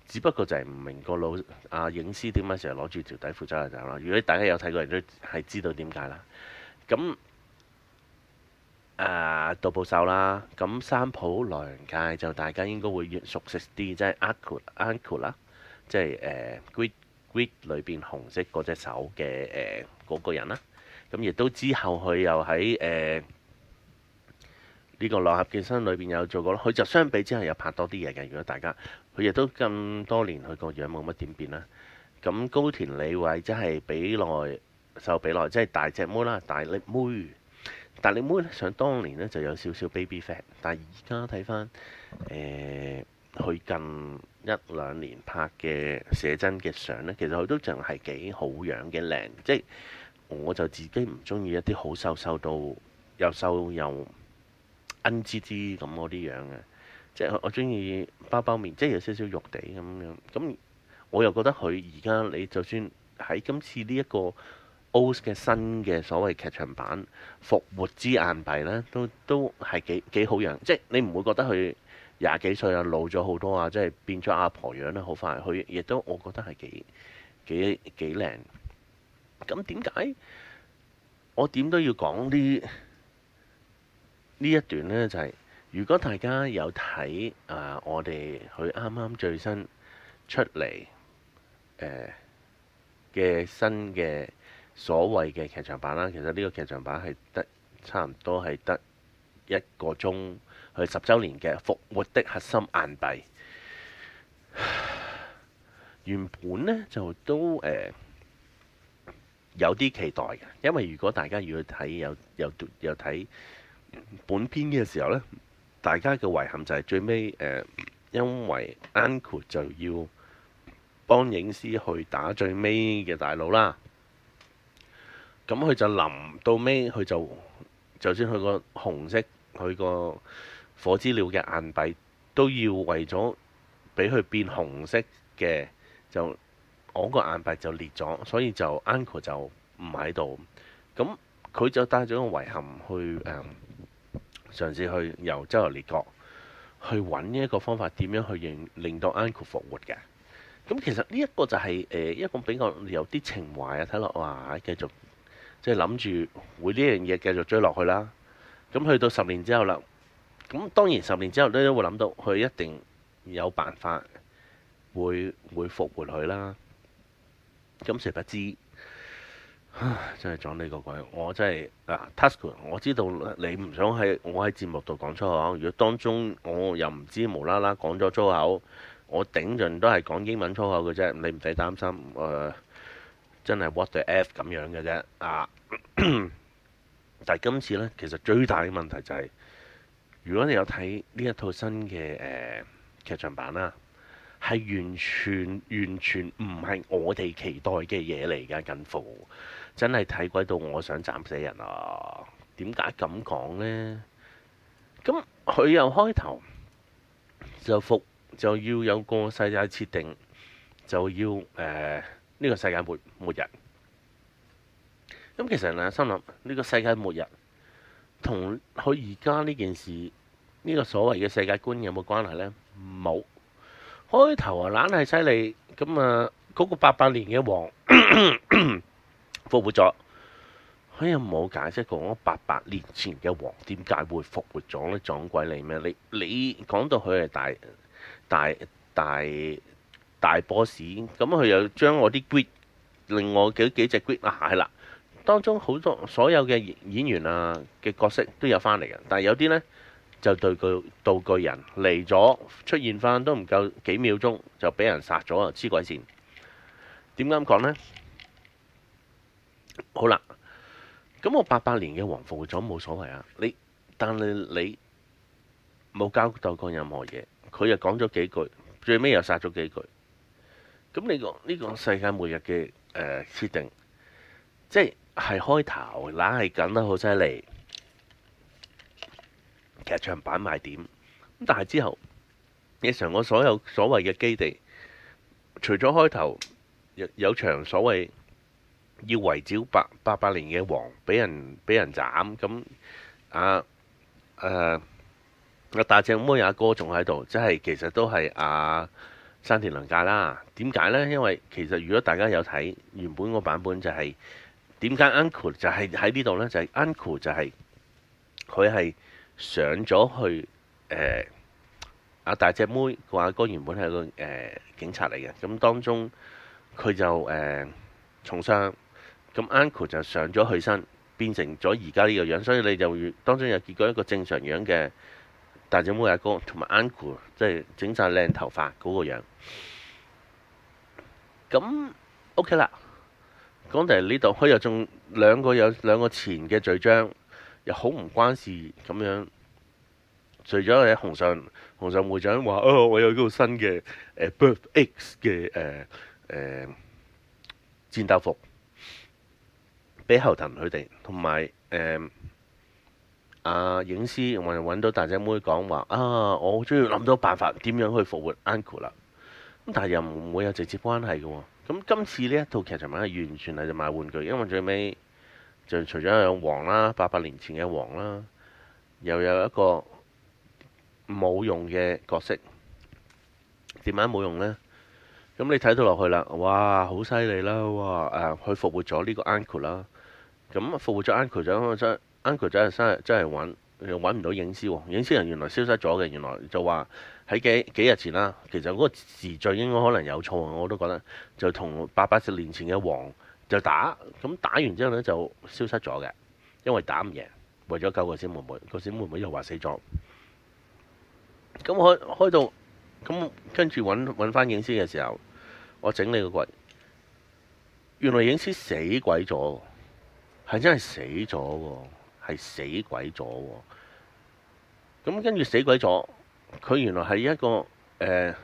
只不過就係唔明個老阿、啊、影師點解成日攞住條底褲走嚟走啦。如果大家有睇過，人都係知道點解啦。咁、嗯、啊、呃，杜布秀啦，咁、嗯、三浦涼介就大家應該會越熟悉啲，即係 Ankh Ankh 啦，即、呃、係誒 Greeed Greeed 裏邊紅色嗰隻手嘅誒嗰個人啦。咁亦、嗯、都之後，佢又喺誒呢個六合健身裏邊有做過佢，就相比之後又拍多啲嘢嘅。如果大家，佢亦都咁多年，佢個樣冇乜點變啦。咁高田李偉即係比耐受比耐，即係大隻妹啦，大力妹。大力妹想當年咧就有少少 baby fat，但係而家睇翻誒佢近一兩年拍嘅寫真嘅相咧，其實佢都仲係幾好樣嘅，靚即我就自己唔中意一啲好瘦瘦到又瘦又恩知知咁嗰啲樣嘅，即係我我中意包包面，即係有少少肉地咁樣。咁我又覺得佢而家你就算喺今次呢一個 OOO 嘅新嘅所謂劇場版《復活之硬幣》呢，都都係幾幾好樣，即係你唔會覺得佢廿幾歲啊老咗好多啊，即係變咗阿婆樣呢。好快。佢亦都我覺得係幾幾幾靚。咁點解我點都要講呢呢一段呢？就係、係、如果大家有睇啊、呃，我哋佢啱啱最新出嚟嘅、呃、新嘅所謂嘅劇場版啦，其實呢個劇場版係得差唔多係得一個鐘，佢十週年嘅復活的核心硬幣，原本呢就都、呃有啲期待嘅，因為如果大家要睇有有有睇本篇嘅時候呢，大家嘅遺憾就係最尾、呃、因為 Uncle 就要幫影師去打最尾嘅大佬啦。咁佢就臨到尾，佢就就算佢個紅色，佢個火資料嘅硬幣都要為咗俾佢變紅色嘅就。我個硬幣就裂咗，所以就 Uncle 就唔喺度。咁佢就帶咗個遺憾去誒、嗯，嘗試去由周遊列國去揾呢一個方法，點樣去令到 Uncle 復活嘅。咁其實呢一個就係、是、誒、呃、一個比較有啲情懷啊！睇落哇，繼續即係諗住會呢樣嘢繼續追落去啦。咁去到十年之後啦，咁當然十年之後咧都會諗到佢一定有辦法會會復活佢啦。今時不知，真係撞呢個鬼！我真係嗱、啊啊、Tasuku 我知道你唔想喺我喺節目度講粗口。如果當中我又唔知無啦啦講咗粗口，我頂盡都係講英文粗口嘅啫，你唔使擔心。誒、啊，真係 what the f 咁樣嘅啫啊！ (coughs) 但係今次呢，其實最大嘅問題就係、是，如果你有睇呢一套新嘅誒、呃、劇場版啦、啊。係完全完全唔係我哋期待嘅嘢嚟㗎，近乎真係睇鬼到我想斬死人啊！點解咁講呢？咁佢又開頭就服就要有個世界設定，就要誒呢、呃這個世界末末日。咁其實呢，心諗呢、這個世界末日同佢而家呢件事呢、這個所謂嘅世界觀有冇關係呢？冇。開頭啊，懶係犀利咁啊！嗰、嗯嗰個八百年嘅王復咳咳活咗，佢又冇解釋過我八百、那個、年前嘅王點解會復活咗呢？撞鬼你咩？你你講到佢係大大大大、大 boss，咁、嗯、佢又將我啲 grid，另外幾幾隻 grid 啊，係啦，當中好多所有嘅演員啊嘅角色都有翻嚟嘅，但係有啲呢。就道具道具人嚟咗出現返，都唔夠幾秒鐘就俾人殺咗啊，黐鬼線！點解咁講呢？好啦，咁我八八年嘅王復活咗冇所謂啊，你但係你冇交代過任何嘢，佢又講咗幾句，最尾又殺咗幾句。咁你講呢個世界末日嘅誒、呃、設定，即係開頭嗱，係緊得好犀利，日場版賣點咁，但係之後日常我所有所謂嘅基地，除咗開頭有有場所謂要圍剿八八百年嘅王，俾人俾人斬咁啊誒阿、啊、大隻妹阿哥仲喺度，即係其實都係阿、啊、山田良介啦。點解呢？因為其實如果大家有睇原本個版本、就係，就係點解 uncle 就係喺呢度呢？就係、係、uncle 就係佢係。上咗去，誒、呃、阿大隻妹、個阿哥原本係個誒、呃、警察嚟嘅，咁當中佢就誒、呃、重傷，咁 Uncle 就上咗去身，變成咗而家呢個樣，所以你就當中又見過一個正常樣嘅大隻妹阿哥同埋 Uncle 即係整晒靚頭髮嗰個樣。咁 OK 啦，講嚟呢度，佢又仲兩個有兩個前嘅嘴張。又好唔關事咁樣，除咗咧鴻上鴻上會長話，哦，我有套新嘅誒、呃、Birth X 嘅誒誒戰鬥服，畀、呃呃、後藤佢哋同埋誒阿影師，我哋揾到大姐妹講話啊，我好鍾意諗到辦法點樣去復活 Ankh 啦。咁但係又唔會有直接關係嘅喎。咁今次呢一套劇集咪係完全係就賣玩具，因為最尾。就除咗有王啦，八百年前嘅王啦，又有一個冇用嘅角色，點解冇用呢？咁、嗯、你睇到落去啦，哇，好犀利啦，哇、嗯！誒，佢復活咗呢個 uncle 啦，咁復活咗 uncle，咁、就、啊、是、uncle 真係真係真揾唔到影師喎、喔，影師人原來消失咗嘅，原來就話喺幾幾日前啦，其實嗰個時序應該可能有錯，我都覺得就同八百年前嘅王。就打，咁打完之後呢，就消失咗嘅，因為打唔贏，為咗救個小妹妹，個小妹妹又話死咗。咁開開到，咁跟住揾揾翻影師嘅時候，我整你個櫃，原來影師死鬼咗，係真係死咗喎，係死鬼咗。咁跟住死鬼咗，佢原來係一個誒。呃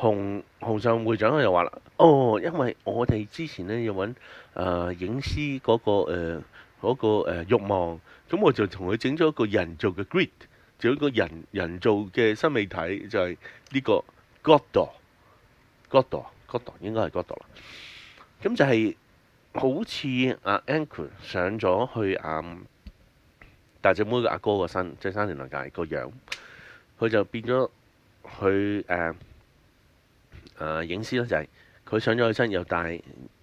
紅紅上會長又話啦，哦，因為我哋之前咧要揾誒影師嗰個誒嗰個誒慾望，咁我就同佢整咗一個人造嘅 grid，整一個人人造嘅生命體，就係呢個 Goda，Goda，Goda 應該係 Goda 啦。咁就係好似阿 Anker 上咗去阿大隻妹嘅阿哥個身，即係三庭兩界個樣，佢就變咗佢誒。誒、啊、影師咧就係，是，佢上咗去身又戴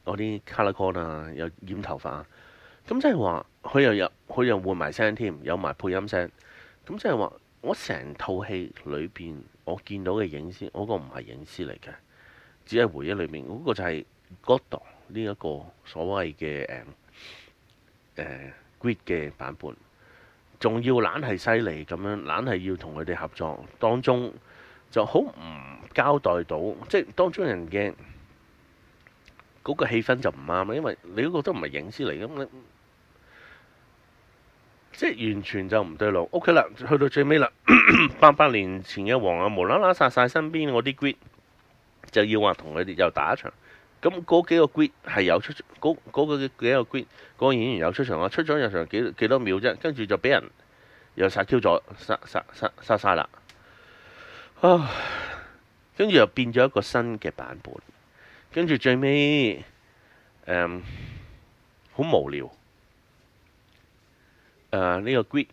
嗰啲 color cord 啊，又染頭髮，咁即係話佢又入佢又換埋聲添，有埋配音聲，咁即係話我成套戲裏邊我見到嘅影師，我、那個唔係影師嚟嘅，只係回憶裏面。嗰，那個就係 Godon 呢一個所謂嘅誒誒 Greed 嘅版本，仲要懶係犀利咁樣，懶係要同佢哋合作當中。就好唔交代到，即係當中人嘅嗰個氣氛就唔啱啦，因為你嗰個都唔係影師嚟嘅，即係完全就唔對路。OK 啦，去到最尾啦，八百年前嘅王啊，無啦啦殺晒身邊我啲 guard 就要話同佢哋又打一場。咁嗰幾個 guard 係有出，嗰嗰個幾個 guard 嗰個演員有出場啊，出咗入場幾幾多秒啫，跟住就俾人又殺 Q 咗，殺殺殺殺曬啦。啊、跟住又變咗一個新嘅版本，跟住最尾好、嗯、無聊。啊！呢、這個 Greeed，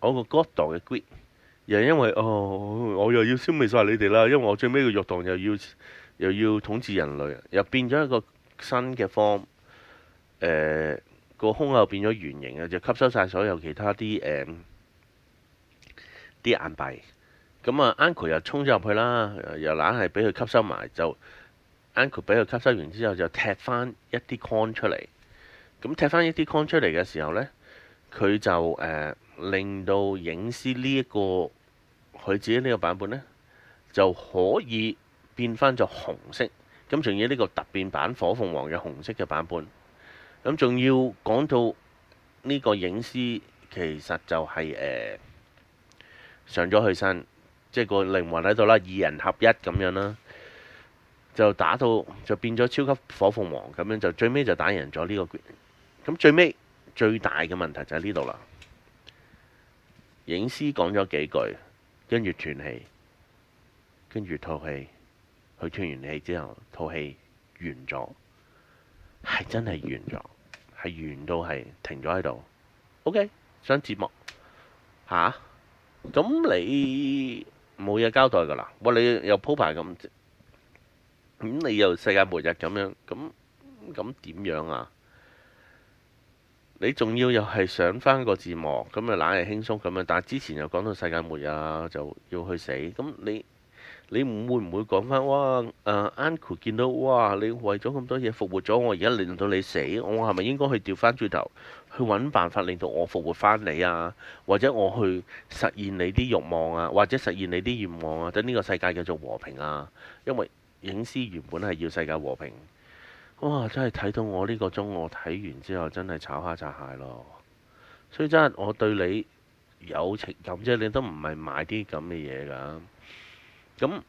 我個 God 黨嘅 Greeed，又因為哦，我又要消滅晒你哋啦，因為我最尾嘅肉盾又要又要統治人類，又變咗一個新嘅 form、呃。誒個胸變圓又變咗圓形啊！就吸收晒所有其他啲。啲硬幣，咁啊 uncle 又衝咗入去啦，又硬係俾佢吸收埋，就 uncle 俾佢吸收完之後，就踢翻一啲 coin 出嚟。咁、嗯、踢翻一啲 coin 出嚟嘅時候呢，佢就誒、呃、令到影師呢、這、一個佢自己呢個版本呢，就可以變翻咗紅色。咁仲要呢個突變版火鳳凰嘅紅色嘅版本。咁、嗯、仲要講到呢個影師，其實就係、是、誒。呃上咗去山，即係個靈魂喺度啦，二人合一咁樣啦，就打到就變咗超級火鳳凰咁樣，就最尾就打贏咗呢個。咁最尾，最大嘅問題就喺呢度啦。影師講咗幾句，跟住斷氣，跟住套戲，佢斷完氣之後，套戲完咗，係真係完咗，係完到係停咗喺度。OK，上節目，吓、啊？咁你冇嘢交代噶啦，喂，你又鋪排咁，咁你又世界末日咁樣，咁咁點樣啊？你仲要又係上翻個字幕，咁啊，懶係輕鬆咁樣，但係之前又講到世界末日啊就要去死，咁你？你唔會唔會講返哇？誒、呃、Ankh 見到哇，你為咗咁多嘢復活咗我，而家令到你死，我係咪應該去調翻轉頭，去揾辦法令到我復活返你啊？或者我去實現你啲欲望啊，或者實現你啲願望啊，等呢個世界繼續和平啊？因為映司原本係要世界和平。哇！真係睇到我呢個鐘，我睇完之後真係炒蝦炸蟹咯。所以真係我對你有情感啫，你都唔係買啲咁嘅嘢㗎。咁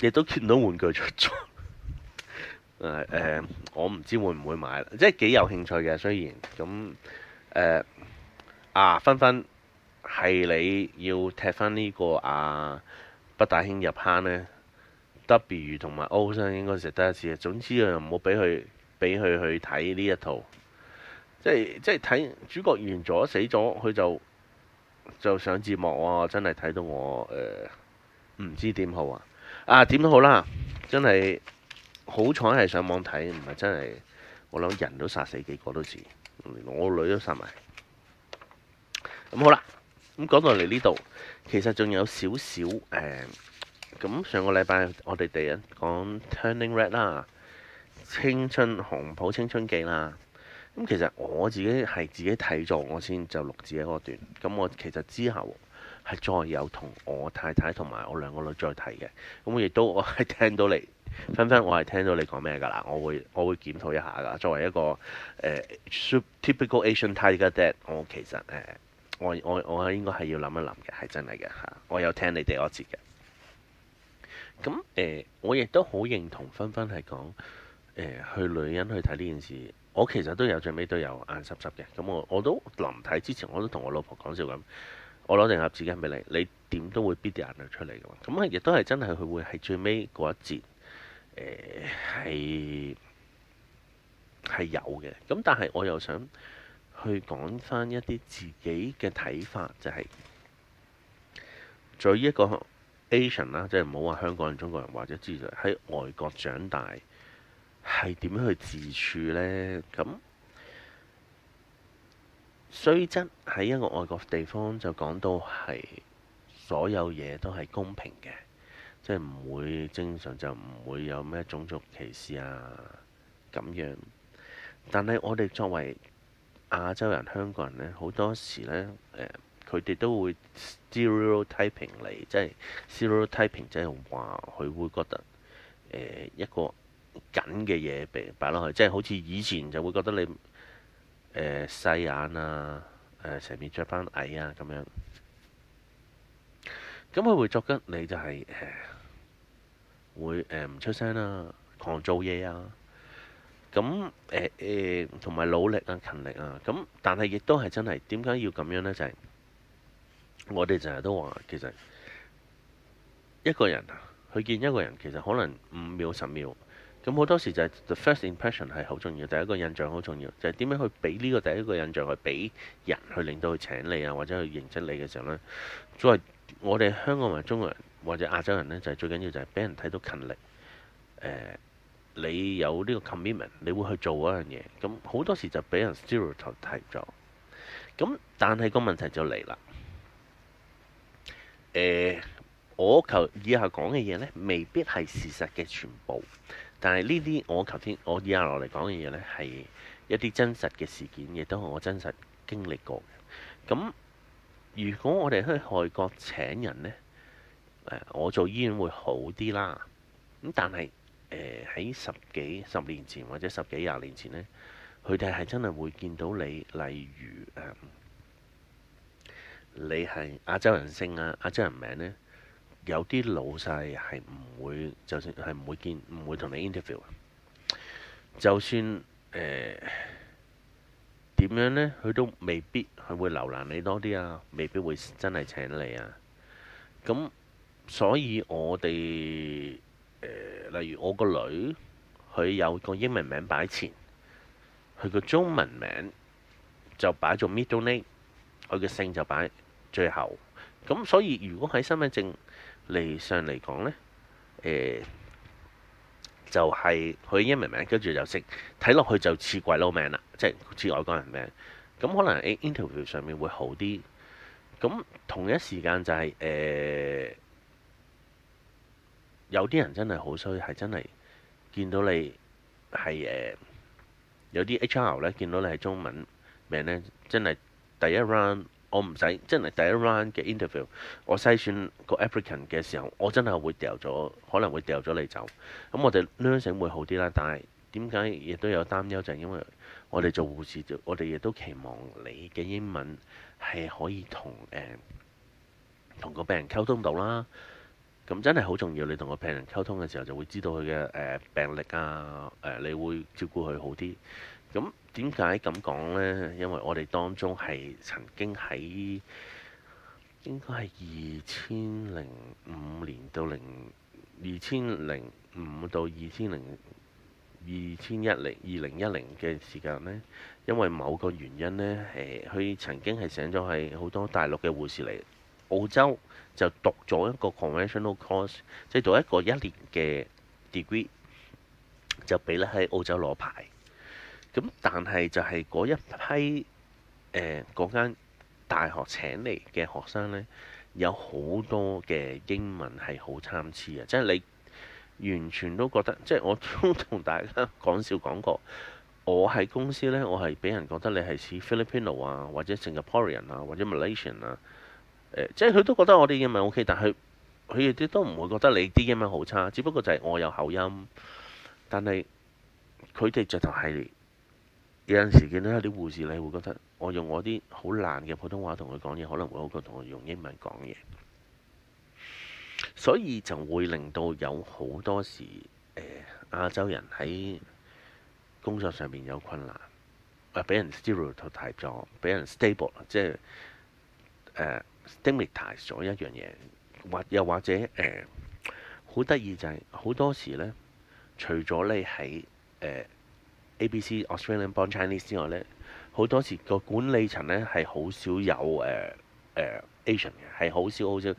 亦、嗯、都見到玩具出咗、 (laughs) 呃，誒、呃、誒，我唔知會唔會買，即係幾有興趣嘅。雖然咁誒、嗯呃、啊，分分係你要踢翻、這、呢個啊北大興入坑咧，W 同埋 O 先應該值得一次。總之唔好俾佢俾佢去睇呢一套，即係即係睇主角完咗死咗，佢就就上字幕喎、啊！真係睇到我誒～、呃唔知點好啊！啊點都好啦，真係好彩係上網睇，唔係真係我諗人都殺死幾個都似，連我女都殺埋。咁、嗯、好啦，咁講到嚟呢度，其實仲有少少誒，咁、呃、上個禮拜我哋第一講 Turning Red 啦，《青春紅譜青春記》啦。咁、嗯、其實我自己係自己睇咗，我先就錄自己嗰段。咁我其實之後。係再有同我太太同埋我兩個女再睇嘅，咁我亦都我係聽到你芬芬，芬芬我係聽到你講咩噶啦，我會我會檢討一下噶。作為一個誒、呃、super typical Asian tiger dad，我其實誒、呃、我我我應該係要諗一諗嘅，係真係嘅嚇。我有聽你哋嗰次嘅，咁誒、呃、我亦都好認同芬芬係講誒去女人去睇呢件事，我其實都有最尾都有眼濕濕嘅。咁我我都臨睇之前，我都同我老婆講笑咁。我攞定盒紙巾俾你，你點都會逼啲眼淚出嚟嘅嘛？咁、嗯、亦都係真係佢會係最尾嗰一節，誒、呃、係有嘅。咁、嗯、但係我又想去講翻一啲自己嘅睇法，就係、是、在依於一個 Asian 啦，即係唔好話香港人、中國人或者之類，喺外國長大係點樣去自處呢？咁、嗯。雖則喺一個外國地方就講到係所有嘢都係公平嘅，即係唔會正常就唔會有咩種族歧視啊咁樣。但係我哋作為亞洲人、香港人呢，好多時呢，呃、佢哋都會 stereotyping 嚟，即係 stereotyping 即係話佢會覺得、呃、一個緊嘅嘢被擺落去，即係好似以前就會覺得你。誒、呃、細眼啊，成、呃、面着翻矮啊，咁樣，咁佢會作緊你就係、是、誒、呃，會唔、呃、出聲啦、啊，狂做嘢啊，咁同埋努力啊、勤力啊，咁但係亦都係真係點解要咁樣呢？就係、是、我哋成日都話，其實一個人啊，佢見一個人其實可能五秒十秒。咁好多時就係 the first impression 係好重要，第一個印象好重要，就係點樣去俾呢個第一個印象去俾人去令到佢請你啊，或者去認識你嘅時候呢？作為我哋香港人、中國人或者亞洲人呢，就係、是、最緊要就係俾人睇到勤力。呃、你有呢個 commitment，你會去做嗰樣嘢。咁好多時就俾人 stereotype 咗。咁但係個問題就嚟啦。誒、呃，我求以下講嘅嘢呢，未必係事實嘅全部。但係呢啲我頭先我以下落嚟講嘅嘢呢，係一啲真實嘅事件，亦都係我真實經歷過嘅。咁如果我哋去外國請人呢，呃、我做醫院會好啲啦。咁但係喺、呃、十幾十年前或者十幾廿年前呢，佢哋係真係會見到你，例如、呃、你係亞洲人姓啊亞洲人名呢。有啲老細係唔會，就算係唔會見，唔會同你 interview。就算誒點、呃、樣咧，佢都未必佢會留難你多啲啊，未必會真係請你啊。咁、嗯、所以我哋、呃、例如我個女，佢有個英文名擺前，佢個中文名就擺做 middle name，佢嘅姓就擺最後。咁、嗯、所以如果喺身份證嚟上嚟講呢誒、呃、就係、是、佢英文名跟住就識睇落去就似鬼佬名啦，即係似外國人名。咁可能 interview 上面會好啲。咁同一時間就係、是、誒、呃、有啲人真係好衰，係真係見到你係誒、呃、有啲 HR 呢，見到你係中文名呢，真係第一 round。我唔使真係第一 round 嘅 interview，我篩選個 applicant 嘅時候，我真係會掉咗，可能會掉咗你走。咁我哋 learning 會好啲啦，但係點解亦都有擔憂？就係、是、因為我哋做護士，我哋亦都期望你嘅英文係可以同誒同個病人溝通到啦。咁真係好重要，你同個病人溝通嘅時候就會知道佢嘅誒病歷啊，誒、呃、你會照顧佢好啲。咁、嗯點解咁講呢？因為我哋當中係曾經喺應該係二千零五年到零二千零五到二千零二千一零二零一零嘅時間呢，因為某個原因呢，誒，佢曾經係請咗係好多大陸嘅護士嚟澳洲，就讀咗一個 conventional course，即係讀一個一年嘅 degree，就俾咧喺澳洲攞牌。咁但係就係嗰一批誒嗰間大學請嚟嘅學生呢，有好多嘅英文係好參差嘅，即係你完全都覺得，即係我都 (laughs) 同大家講笑講過，我喺公司呢，我係俾人覺得你係似 Filipino 啊，或者 Singaporean 啊，或者 Malaysian 啊，呃、即係佢都覺得我啲英文 OK，但係佢哋都唔會覺得你啲英文好差，只不過就係我有口音，但係佢哋直頭係。有陣時見到有啲護士，你會覺得我用我啲好爛嘅普通話同佢講嘢，可能會好過同佢用英文講嘢，所以就會令到有好多時誒、呃、亞洲人喺工作上面有困難，誒、呃、俾人 stereotype 咗，俾人 stable 即係誒、呃、stigmatise 咗一樣嘢，或又或者誒好得意就係、是、好多時呢，除咗你喺誒，呃 A、B、C、Australian born Chinese 之外呢，好多時個管理層呢係好少有誒誒、呃呃、Asian 嘅，係好少好少。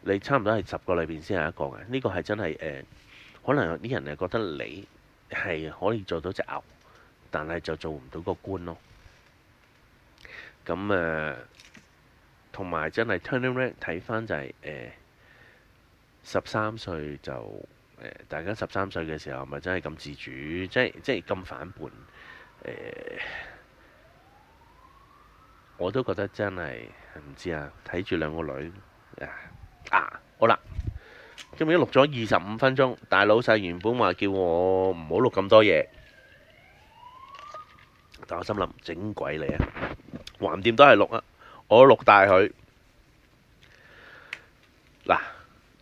你差唔多係十個裏邊先有一個嘅。呢、這個係真係誒、呃，可能有啲人誒覺得你係可以做到隻牛，但係就做唔到個官咯。咁誒，同、呃、埋真係 turning back 睇返就係、是、誒，十三歲就。誒，大家十三歲嘅時候，咪真係咁自主，即係即係咁反叛。誒，我都覺得真係唔知啊，睇住兩個女。啊，好啦，今日錄咗二十五分鐘，大老細原本話叫我唔好錄咁多嘢，但我心諗整鬼你啊，橫掂都係錄啊，我錄大佢嗱。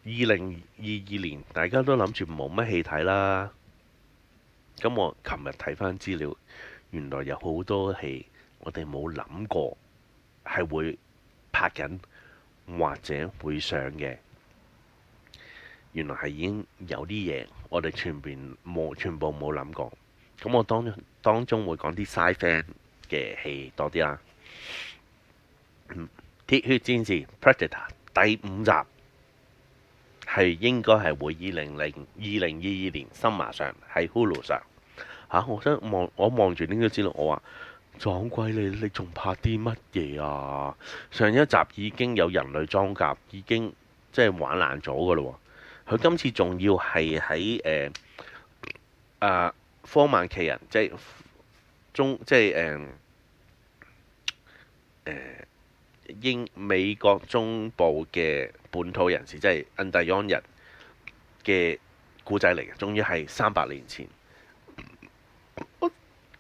二零二二年，大家都諗住冇乜戲睇啦。咁我琴日睇翻資料，原來有好多戲我哋冇諗過，係會拍緊或者會上嘅。原來係已經有啲嘢我哋全邊全部冇諗過。咁我當當中會講啲 side 嘅戲多啲啦。《鐵血戰士》Predator 第五集。係應該係會二零零二零二二年森馬上係 Hulu 上嚇、啊，我想望我望住呢啲資料，我話：撞鬼你你仲拍啲乜嘢啊？上一集已經有人類裝甲，已經即係玩爛咗噶啦喎！佢今次仲要係喺誒啊科曼奇人即係中即係誒、呃、英美國中部嘅。本土人士即係印第安人嘅故仔嚟嘅，終於係三百年前。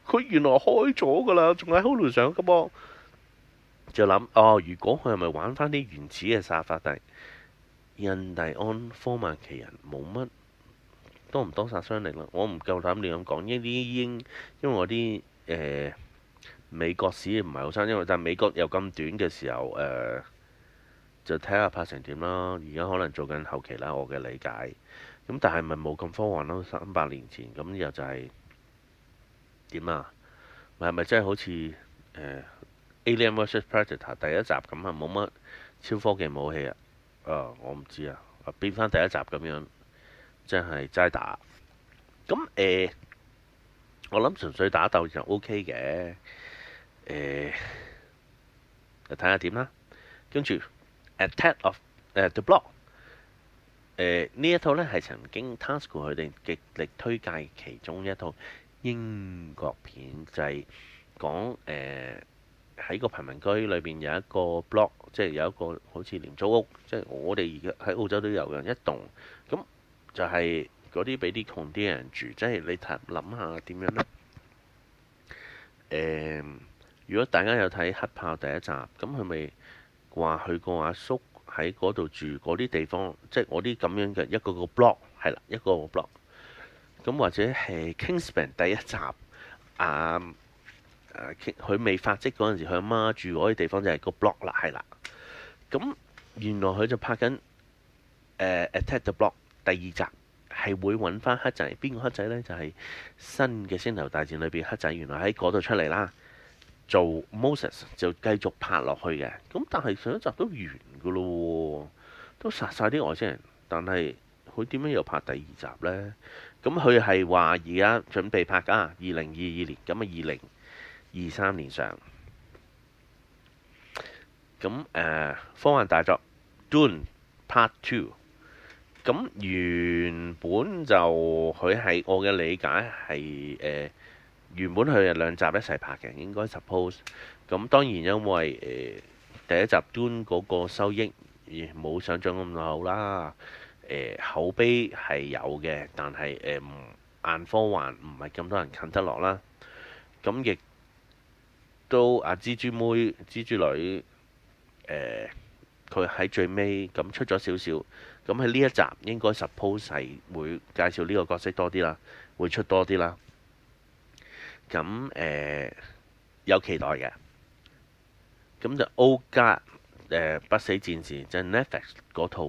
佢 (coughs) 原來開咗㗎喇，仲喺空中上嘅噃。就諗哦，如果佢係咪玩翻啲原始嘅殺法第？但印第安科曼奇人冇乜多唔多殺傷力啦，我唔夠膽亂咁講。因啲英，因為我啲誒、呃、美國史唔係好深，因為但美國有咁短嘅時候誒。呃就睇下拍成點啦。而家可能做緊後期啦，我嘅理解咁、嗯，但係咪冇咁科幻咯？三百年前咁、嗯、又就係、是、點啊？係咪真係好似、呃、《Alien vs Predator》第一集咁啊？冇乜超科技武器啊？啊、呃，我唔知啊，變翻第一集咁樣，即係齋打咁誒、嗯呃。我諗純粹打鬥就 O K 嘅誒，睇下點啦。跟住、啊。Attack of、uh, The Block 誒、呃、呢一套呢係曾經 Tasuku 佢哋極力推介其中一套英國片，就係、是、講誒喺、呃、個貧民區裏邊有一個 block，即係有一個好似廉租屋，即係我哋而家喺澳洲都有嘅一棟。咁就係嗰啲俾啲窮啲人住，即係你睇諗下點樣呢？誒、呃，如果大家有睇《黑豹》第一集，咁係咪？話佢個阿叔喺嗰度住嗰啲地方，即、就、係、是、我啲咁樣嘅一個個 block 係啦，一個個 block。咁或者係 Kingspan 第一集，啊，佢、啊、未發跡嗰陣時，佢阿媽，媽住嗰啲地方就係個 block 啦，係、啊、啦。咁原來佢就拍緊誒、呃、Attack the Block 第二集，係會揾翻黑仔。邊個黑仔呢？就係、是、新嘅星球大戰裏邊黑仔，原來喺嗰度出嚟啦。做 Moses 就繼續拍落去嘅。咁，但係上一集都完㗎咯喎，都殺晒啲外星人，但係佢點樣又拍第二集呢？咁佢係話而家準備拍㗎，二零二二年咁啊，二零二三年上咁，誒科幻大作《Dune Part Two》，咁原本就佢係我嘅理解係原本佢係兩集一齊拍嘅，應該 suppose。咁當然因為誒、呃、第一集 Dune 嗰個收益而冇、哎、想象咁好啦。誒、呃、口碑係有嘅，但係誒硬科幻唔係咁多人啃得落啦。咁亦都阿蜘蛛妹、蜘蛛女誒，佢、呃、喺最尾咁、嗯、出咗少少。咁喺呢一集應該 suppose 係會介紹呢個角色多啲啦，會出多啲啦。咁誒、呃、有期待嘅，咁就《歐加、呃、不死戰士》就係、是、Netflix 嗰套，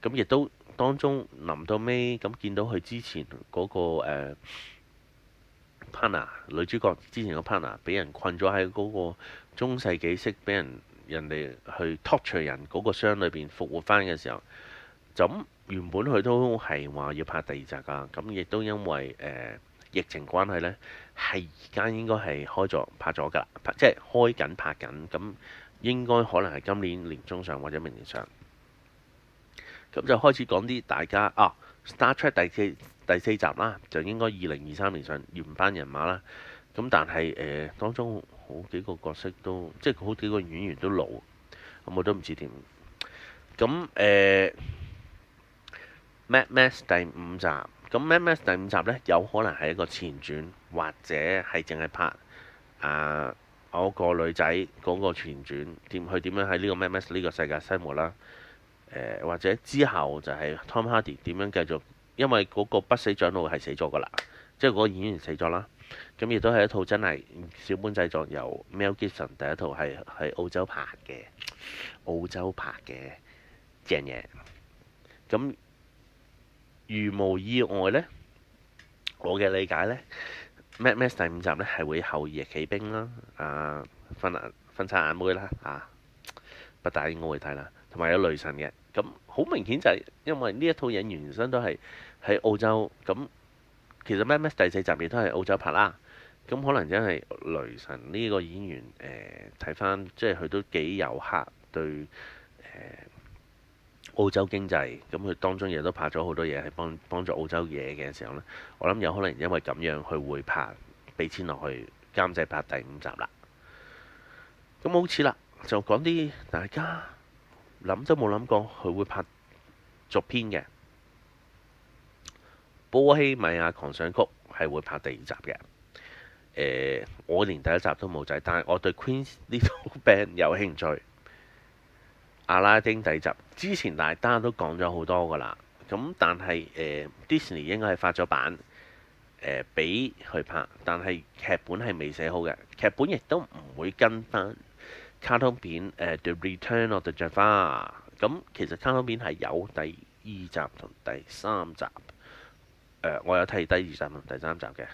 咁亦都當中臨到尾咁見到佢之前嗰、那個誒、呃、partner 女主角之前個 partner 俾人困咗喺嗰個中世紀式俾人人哋去 torture 人嗰個箱裏邊復活翻嘅時候，就咁原本佢都係話要拍第二集噶，咁亦都因為誒、呃、疫情關係咧。係而家應該係開咗拍咗㗎，即係開緊拍緊咁，應該可能係今年年中上或者明年上。咁就開始講啲大家啊，《Star Trek》第四第四集啦，就應該二零二三年上原班人馬啦。咁但係誒、呃，當中好幾個角色都即係好幾個演員都老，咁我都唔知點。咁誒，呃，《Mad Max》第五集。咁《M.S.》第五集呢，有可能係一個前傳，或者係淨係拍啊、呃，我個女仔嗰個前傳，點去點樣喺呢個《M.S.》呢個世界生活啦？呃、或者之後就係 Tom Hardy 點樣繼續，因為嗰個不死長老係死咗㗎啦，即係嗰個演員死咗啦。咁亦都係一套真係小本製作，由 Mel Gibson 第一套係喺澳洲拍嘅，澳洲拍嘅正嘢。咁如無意外呢，我嘅理解呢，《Mad Max》第五集呢係會後夜起兵啦，啊，分難分叉眼妹啦，啊，不打我會睇啦，同埋有雷神嘅，咁好明顯就係因為呢一套影員本身都係喺澳洲，咁其實《Mad Max》第四集亦都係澳洲拍啦，咁可能真係雷神呢個演員睇翻、呃、即係佢都幾有客對、呃澳洲經濟，咁佢當中亦都拍咗好多嘢，係幫幫助澳洲嘢嘅時候呢，我諗有可能因為咁樣，佢會拍俾錢落去監製拍第五集啦。咁好似啦，就講啲大家諗都冇諗過，佢會拍續編嘅《波希米亞狂想曲》係會拍第二集嘅。呃，我連第一集都冇睇，但係我對 Queen 呢套 band 有興趣。阿拉丁第集，之前大家都講咗好多㗎喇，咁、嗯、但係、呃、Disney 應該係發咗版誒俾佢拍，但係劇本係未寫好嘅，劇本亦都唔會跟返卡通片誒、呃、The Return of the Jafar、嗯。咁其實卡通片係有第二集同第三集，呃、我有睇第二集同第三集嘅誒、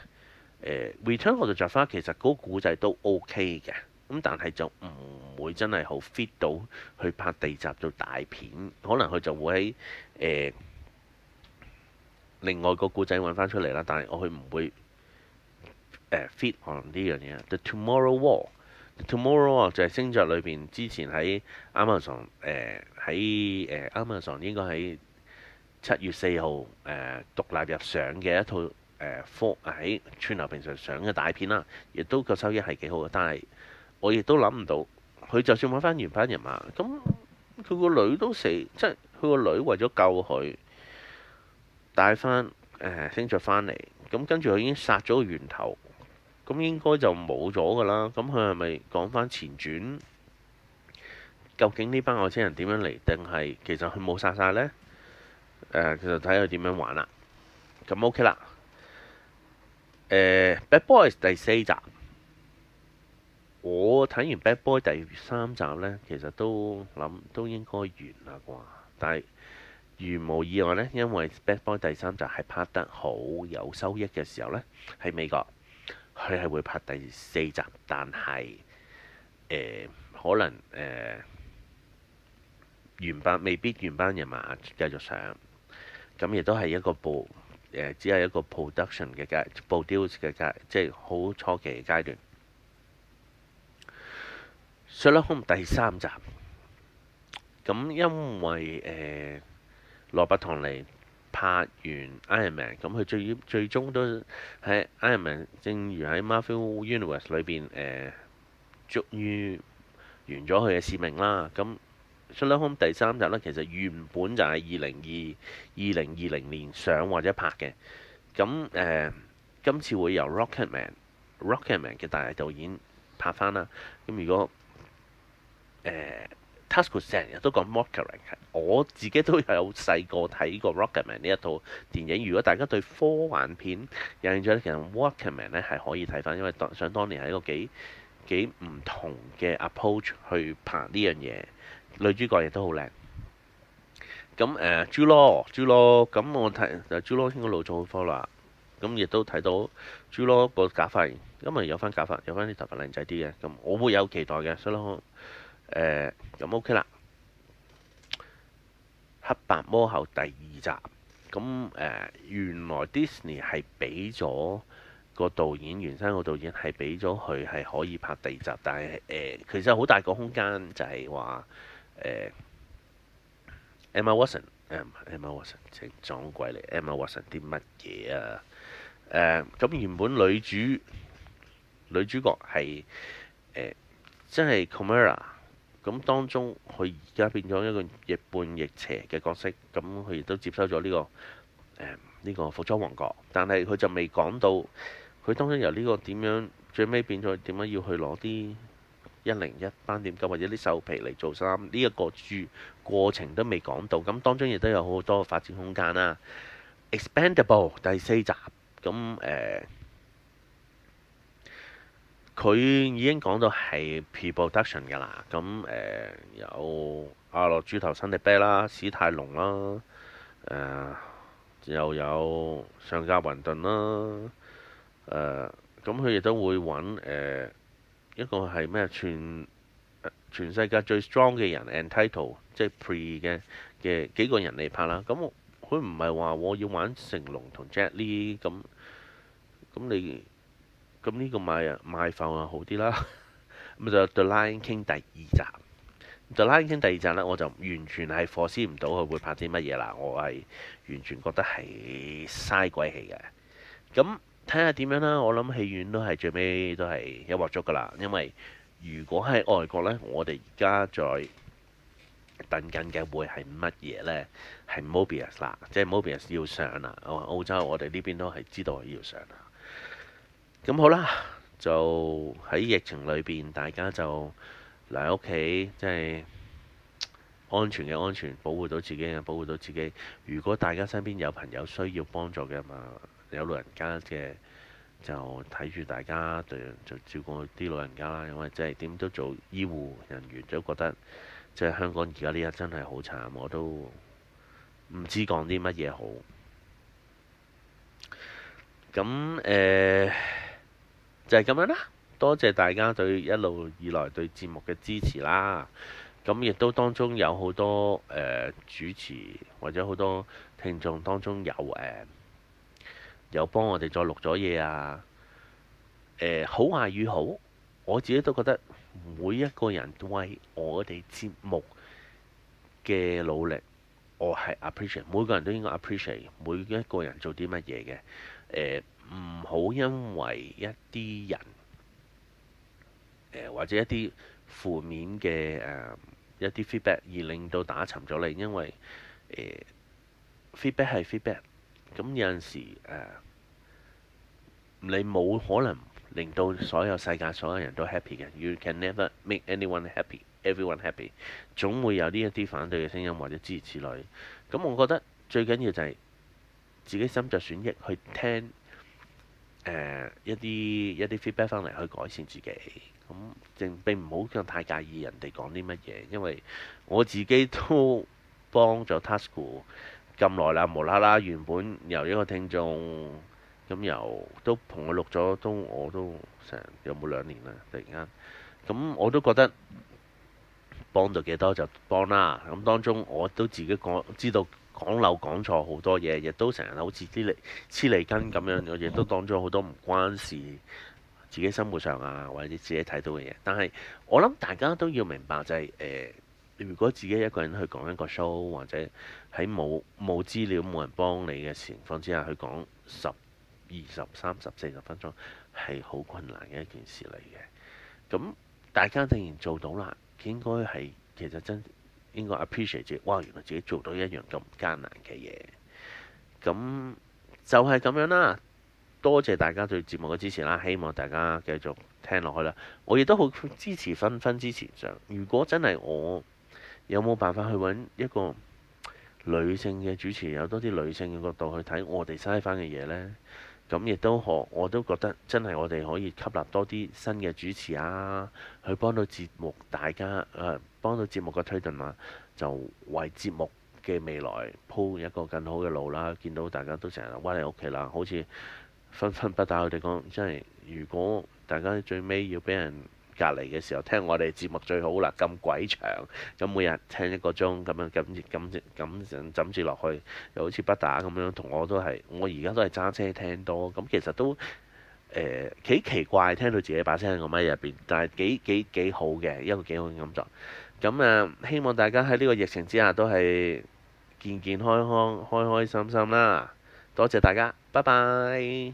呃、Return of the Jafar，其實嗰個故仔都 OK 嘅。咁但係就唔會真係好 fit 到去拍地集做大片，可能佢就會喺誒、呃、另外個故仔揾翻出嚟啦。但係我佢唔會、呃、fit on 呢樣嘢 The Tomorrow War，The Tomorrow War 就係星爵裏邊之前喺 Am、呃呃、Amazon 喺誒 Amazon 應該喺七月四號誒獨立入上嘅一套誒科喺串流平台上嘅大片啦，亦都個收益係幾好嘅，但係。我亦都諗唔到，佢就算揾返原班人馬，咁佢個女都死，即係佢個女為咗救佢，帶返、呃、星爵返嚟，咁、嗯、跟住佢已經殺咗個源頭，咁、嗯、應該就冇咗㗎啦。咁佢係咪講返前傳？究竟呢班外星人點樣嚟？定係其實佢冇殺晒呢？其實睇佢點樣玩啦。咁、嗯、OK 啦。呃、《Bad Boys》第四集。我睇完《Bad Boy》第三集呢，其實都諗都應該完啦啩。但係如無意外呢，因為《Bad Boy》第三集係拍得好有收益嘅時候呢，喺美國佢係會拍第四集。但係、呃、可能誒、呃、原班未必原班人馬繼續上，咁亦都係一個部、呃、只係一個 production 嘅階、production 嘅階，即係好初期嘅階段。Sherlock Holmes 第三集咁、嗯，因為誒羅伯唐尼拍完 Iron Man，咁、嗯、佢最最終都喺 Iron Man，正如喺 Marvel Universe 裏邊誒，終、呃、於完咗佢嘅使命啦。咁、嗯《Sherlock Holmes》第三集呢，其實原本就係二零二二零二零年上或者拍嘅，咁、嗯、誒、呃、今次會由 Rocket Man、Rocket Man 嘅大導演拍翻啦。咁、嗯、如果誒，Tasuku 成日都講《Rocketman》，我自己都有細個睇過《Rocketman》呢一套電影。如果大家對科幻片有興趣，其實《Rocketman》咧係可以睇翻，因為當想當年係一個幾幾唔同嘅 approach 去拍呢樣嘢，女主角亦都好靚。咁誒，朱羅朱羅咁，我睇就朱羅先個老早科幻咁，亦都睇到朱羅個假髮，咁咪有翻假髮，有翻啲頭髮靚仔啲嘅。咁我會有期待嘅，所以。誒咁，呃、OK 啦，黑白魔后第二集，咁誒，呃、原來 Disney 係俾咗個導演，原生個導演係俾咗佢係可以拍第二集，但係誒，呃、其實好大個空間，就係話誒 Emma Watson，Emma Watson，成撞鬼嚟，Emma Watson 啲乜嘢啊？咁，呃、原本女主女主角係誒，呃、真係 Komera 咁當中佢而家變咗一個亦半亦邪嘅角色，咁佢亦都接收咗呢、這個誒呢、嗯這個服裝王國，但係佢就未講到佢當中由呢個點樣最尾變咗點樣要去攞啲一零一斑點狗或者啲獸皮嚟做衫，呢、這、一個注過程都未講到，咁當中亦都有好多發展空間啦。Expendables (noise) 第四集咁誒。佢已經講到係 pre-production 㗎啦，咁誒、嗯呃、有阿羅豬頭山地啤啦，史泰龍啦，誒、呃、又有尚格雲頓啦，誒咁佢亦都會揾誒、呃、一個係咩全、呃、全世界最 strong 嘅人 entitle，即係 pre 嘅嘅幾個人嚟拍啦，咁佢唔係話我要玩成龍同 Jet Li 咁、嗯、咁、嗯、你？咁呢個賣賣房啊好啲啦，咁就《The Lion King》第二集，《The Lion King》第二集咧，我就完全係 foresee 唔到佢會拍啲乜嘢啦。我係完全覺得係嘥鬼氣嘅。咁睇下點樣啦。我諗戲院都係最尾都係一劃捉㗎啦。因為如果喺外國咧，我哋而家再等緊嘅會係乜嘢咧？係《Mobius》啦，即係《Mobius》要上啦。澳洲我哋呢邊都係知道要上啦。咁好啦，就喺疫情裏邊，大家就嚟屋企，即係安全嘅安全，保護到自己，嘅保護到自己。如果大家身邊有朋友需要幫助嘅嘛，有老人家嘅，就睇住大家對就照顧啲老人家啦。因為即係點都做醫護人，人員都覺得，即係香港而家呢一刻真係好慘，我都唔知講啲乜嘢好。咁誒。呃就係咁樣啦，多謝大家對一路以來對節目嘅支持啦。咁亦都當中有好多誒、呃、主持或者好多聽眾當中有誒、呃、有幫我哋再錄咗嘢啊。誒、呃、好壞與好，我自己都覺得每一個人為我哋節目嘅努力，我係 appreciate。每個人都應該 appreciate 每一個人做啲乜嘢嘅誒。呃唔好因為一啲人、呃、或者一啲負面嘅、呃、一啲 feedback 而令到打沉咗你。因為、呃、feedback 係 feedback，咁、嗯、有陣時、呃、你冇可能令到所有世界所有人都 happy 嘅。You can never make anyone happy, everyone happy。總會有呢一啲反對嘅聲音或者諸如此類。咁、嗯、我覺得最緊要就係自己心著選益去聽。誒、呃、一啲一啲 feedback 翻嚟去改善自己，咁、嗯、並唔好太介意人哋講啲乜嘢，因為我自己都幫咗 Tasuku 咁耐啦，無啦啦原本由一個聽眾，咁、嗯、由都同我錄咗都我都成有冇兩年啦，突然間，咁、嗯、我都覺得幫到幾多就幫啦，咁、嗯、當中我都自己講知道。講漏講錯好多嘢，亦都成日好似啲嚟黐脷根咁樣，亦都當咗好多唔關事，自己生活上啊，或者自己睇到嘅嘢。但係我諗大家都要明白就係、是呃、如果自己一個人去講一個 show，或者喺冇冇資料、冇人幫你嘅情況之下去講十二、十三、十四十分鐘，係好困難嘅一件事嚟嘅。咁大家既然做到啦，應該係其實真。應該 appreciate 自己，哇！原來自己做到一樣咁艱難嘅嘢，咁就係咁樣啦。多謝大家對節目嘅支持啦，希望大家繼續聽落去啦。我亦都好支持分分支持上。如果真係我有冇辦法去揾一個女性嘅主持，有多啲女性嘅角度去睇我哋嘥返嘅嘢呢？咁亦都可，我都覺得真係我哋可以吸納多啲新嘅主持啊，去幫到節目大家誒。啊幫到節目嘅推進啦，就為節目嘅未來鋪一個更好嘅路啦。見到大家都成日屈喺屋企啦，好似分分不打佢哋講，即係如果大家最尾要俾人隔離嘅時候，聽我哋節目最好啦。咁鬼長，咁每日聽一個鐘咁樣，咁咁咁枕住落去，又好似不打咁樣。同我都係，我而家都係揸車聽多，咁其實都誒幾、呃、奇怪，聽到自己把聲喺個麥入邊，但係幾幾幾好嘅一個幾好嘅感覺。咁啊，希望大家喺呢個疫情之下都係健健康康、開開心心啦！多謝大家，拜拜。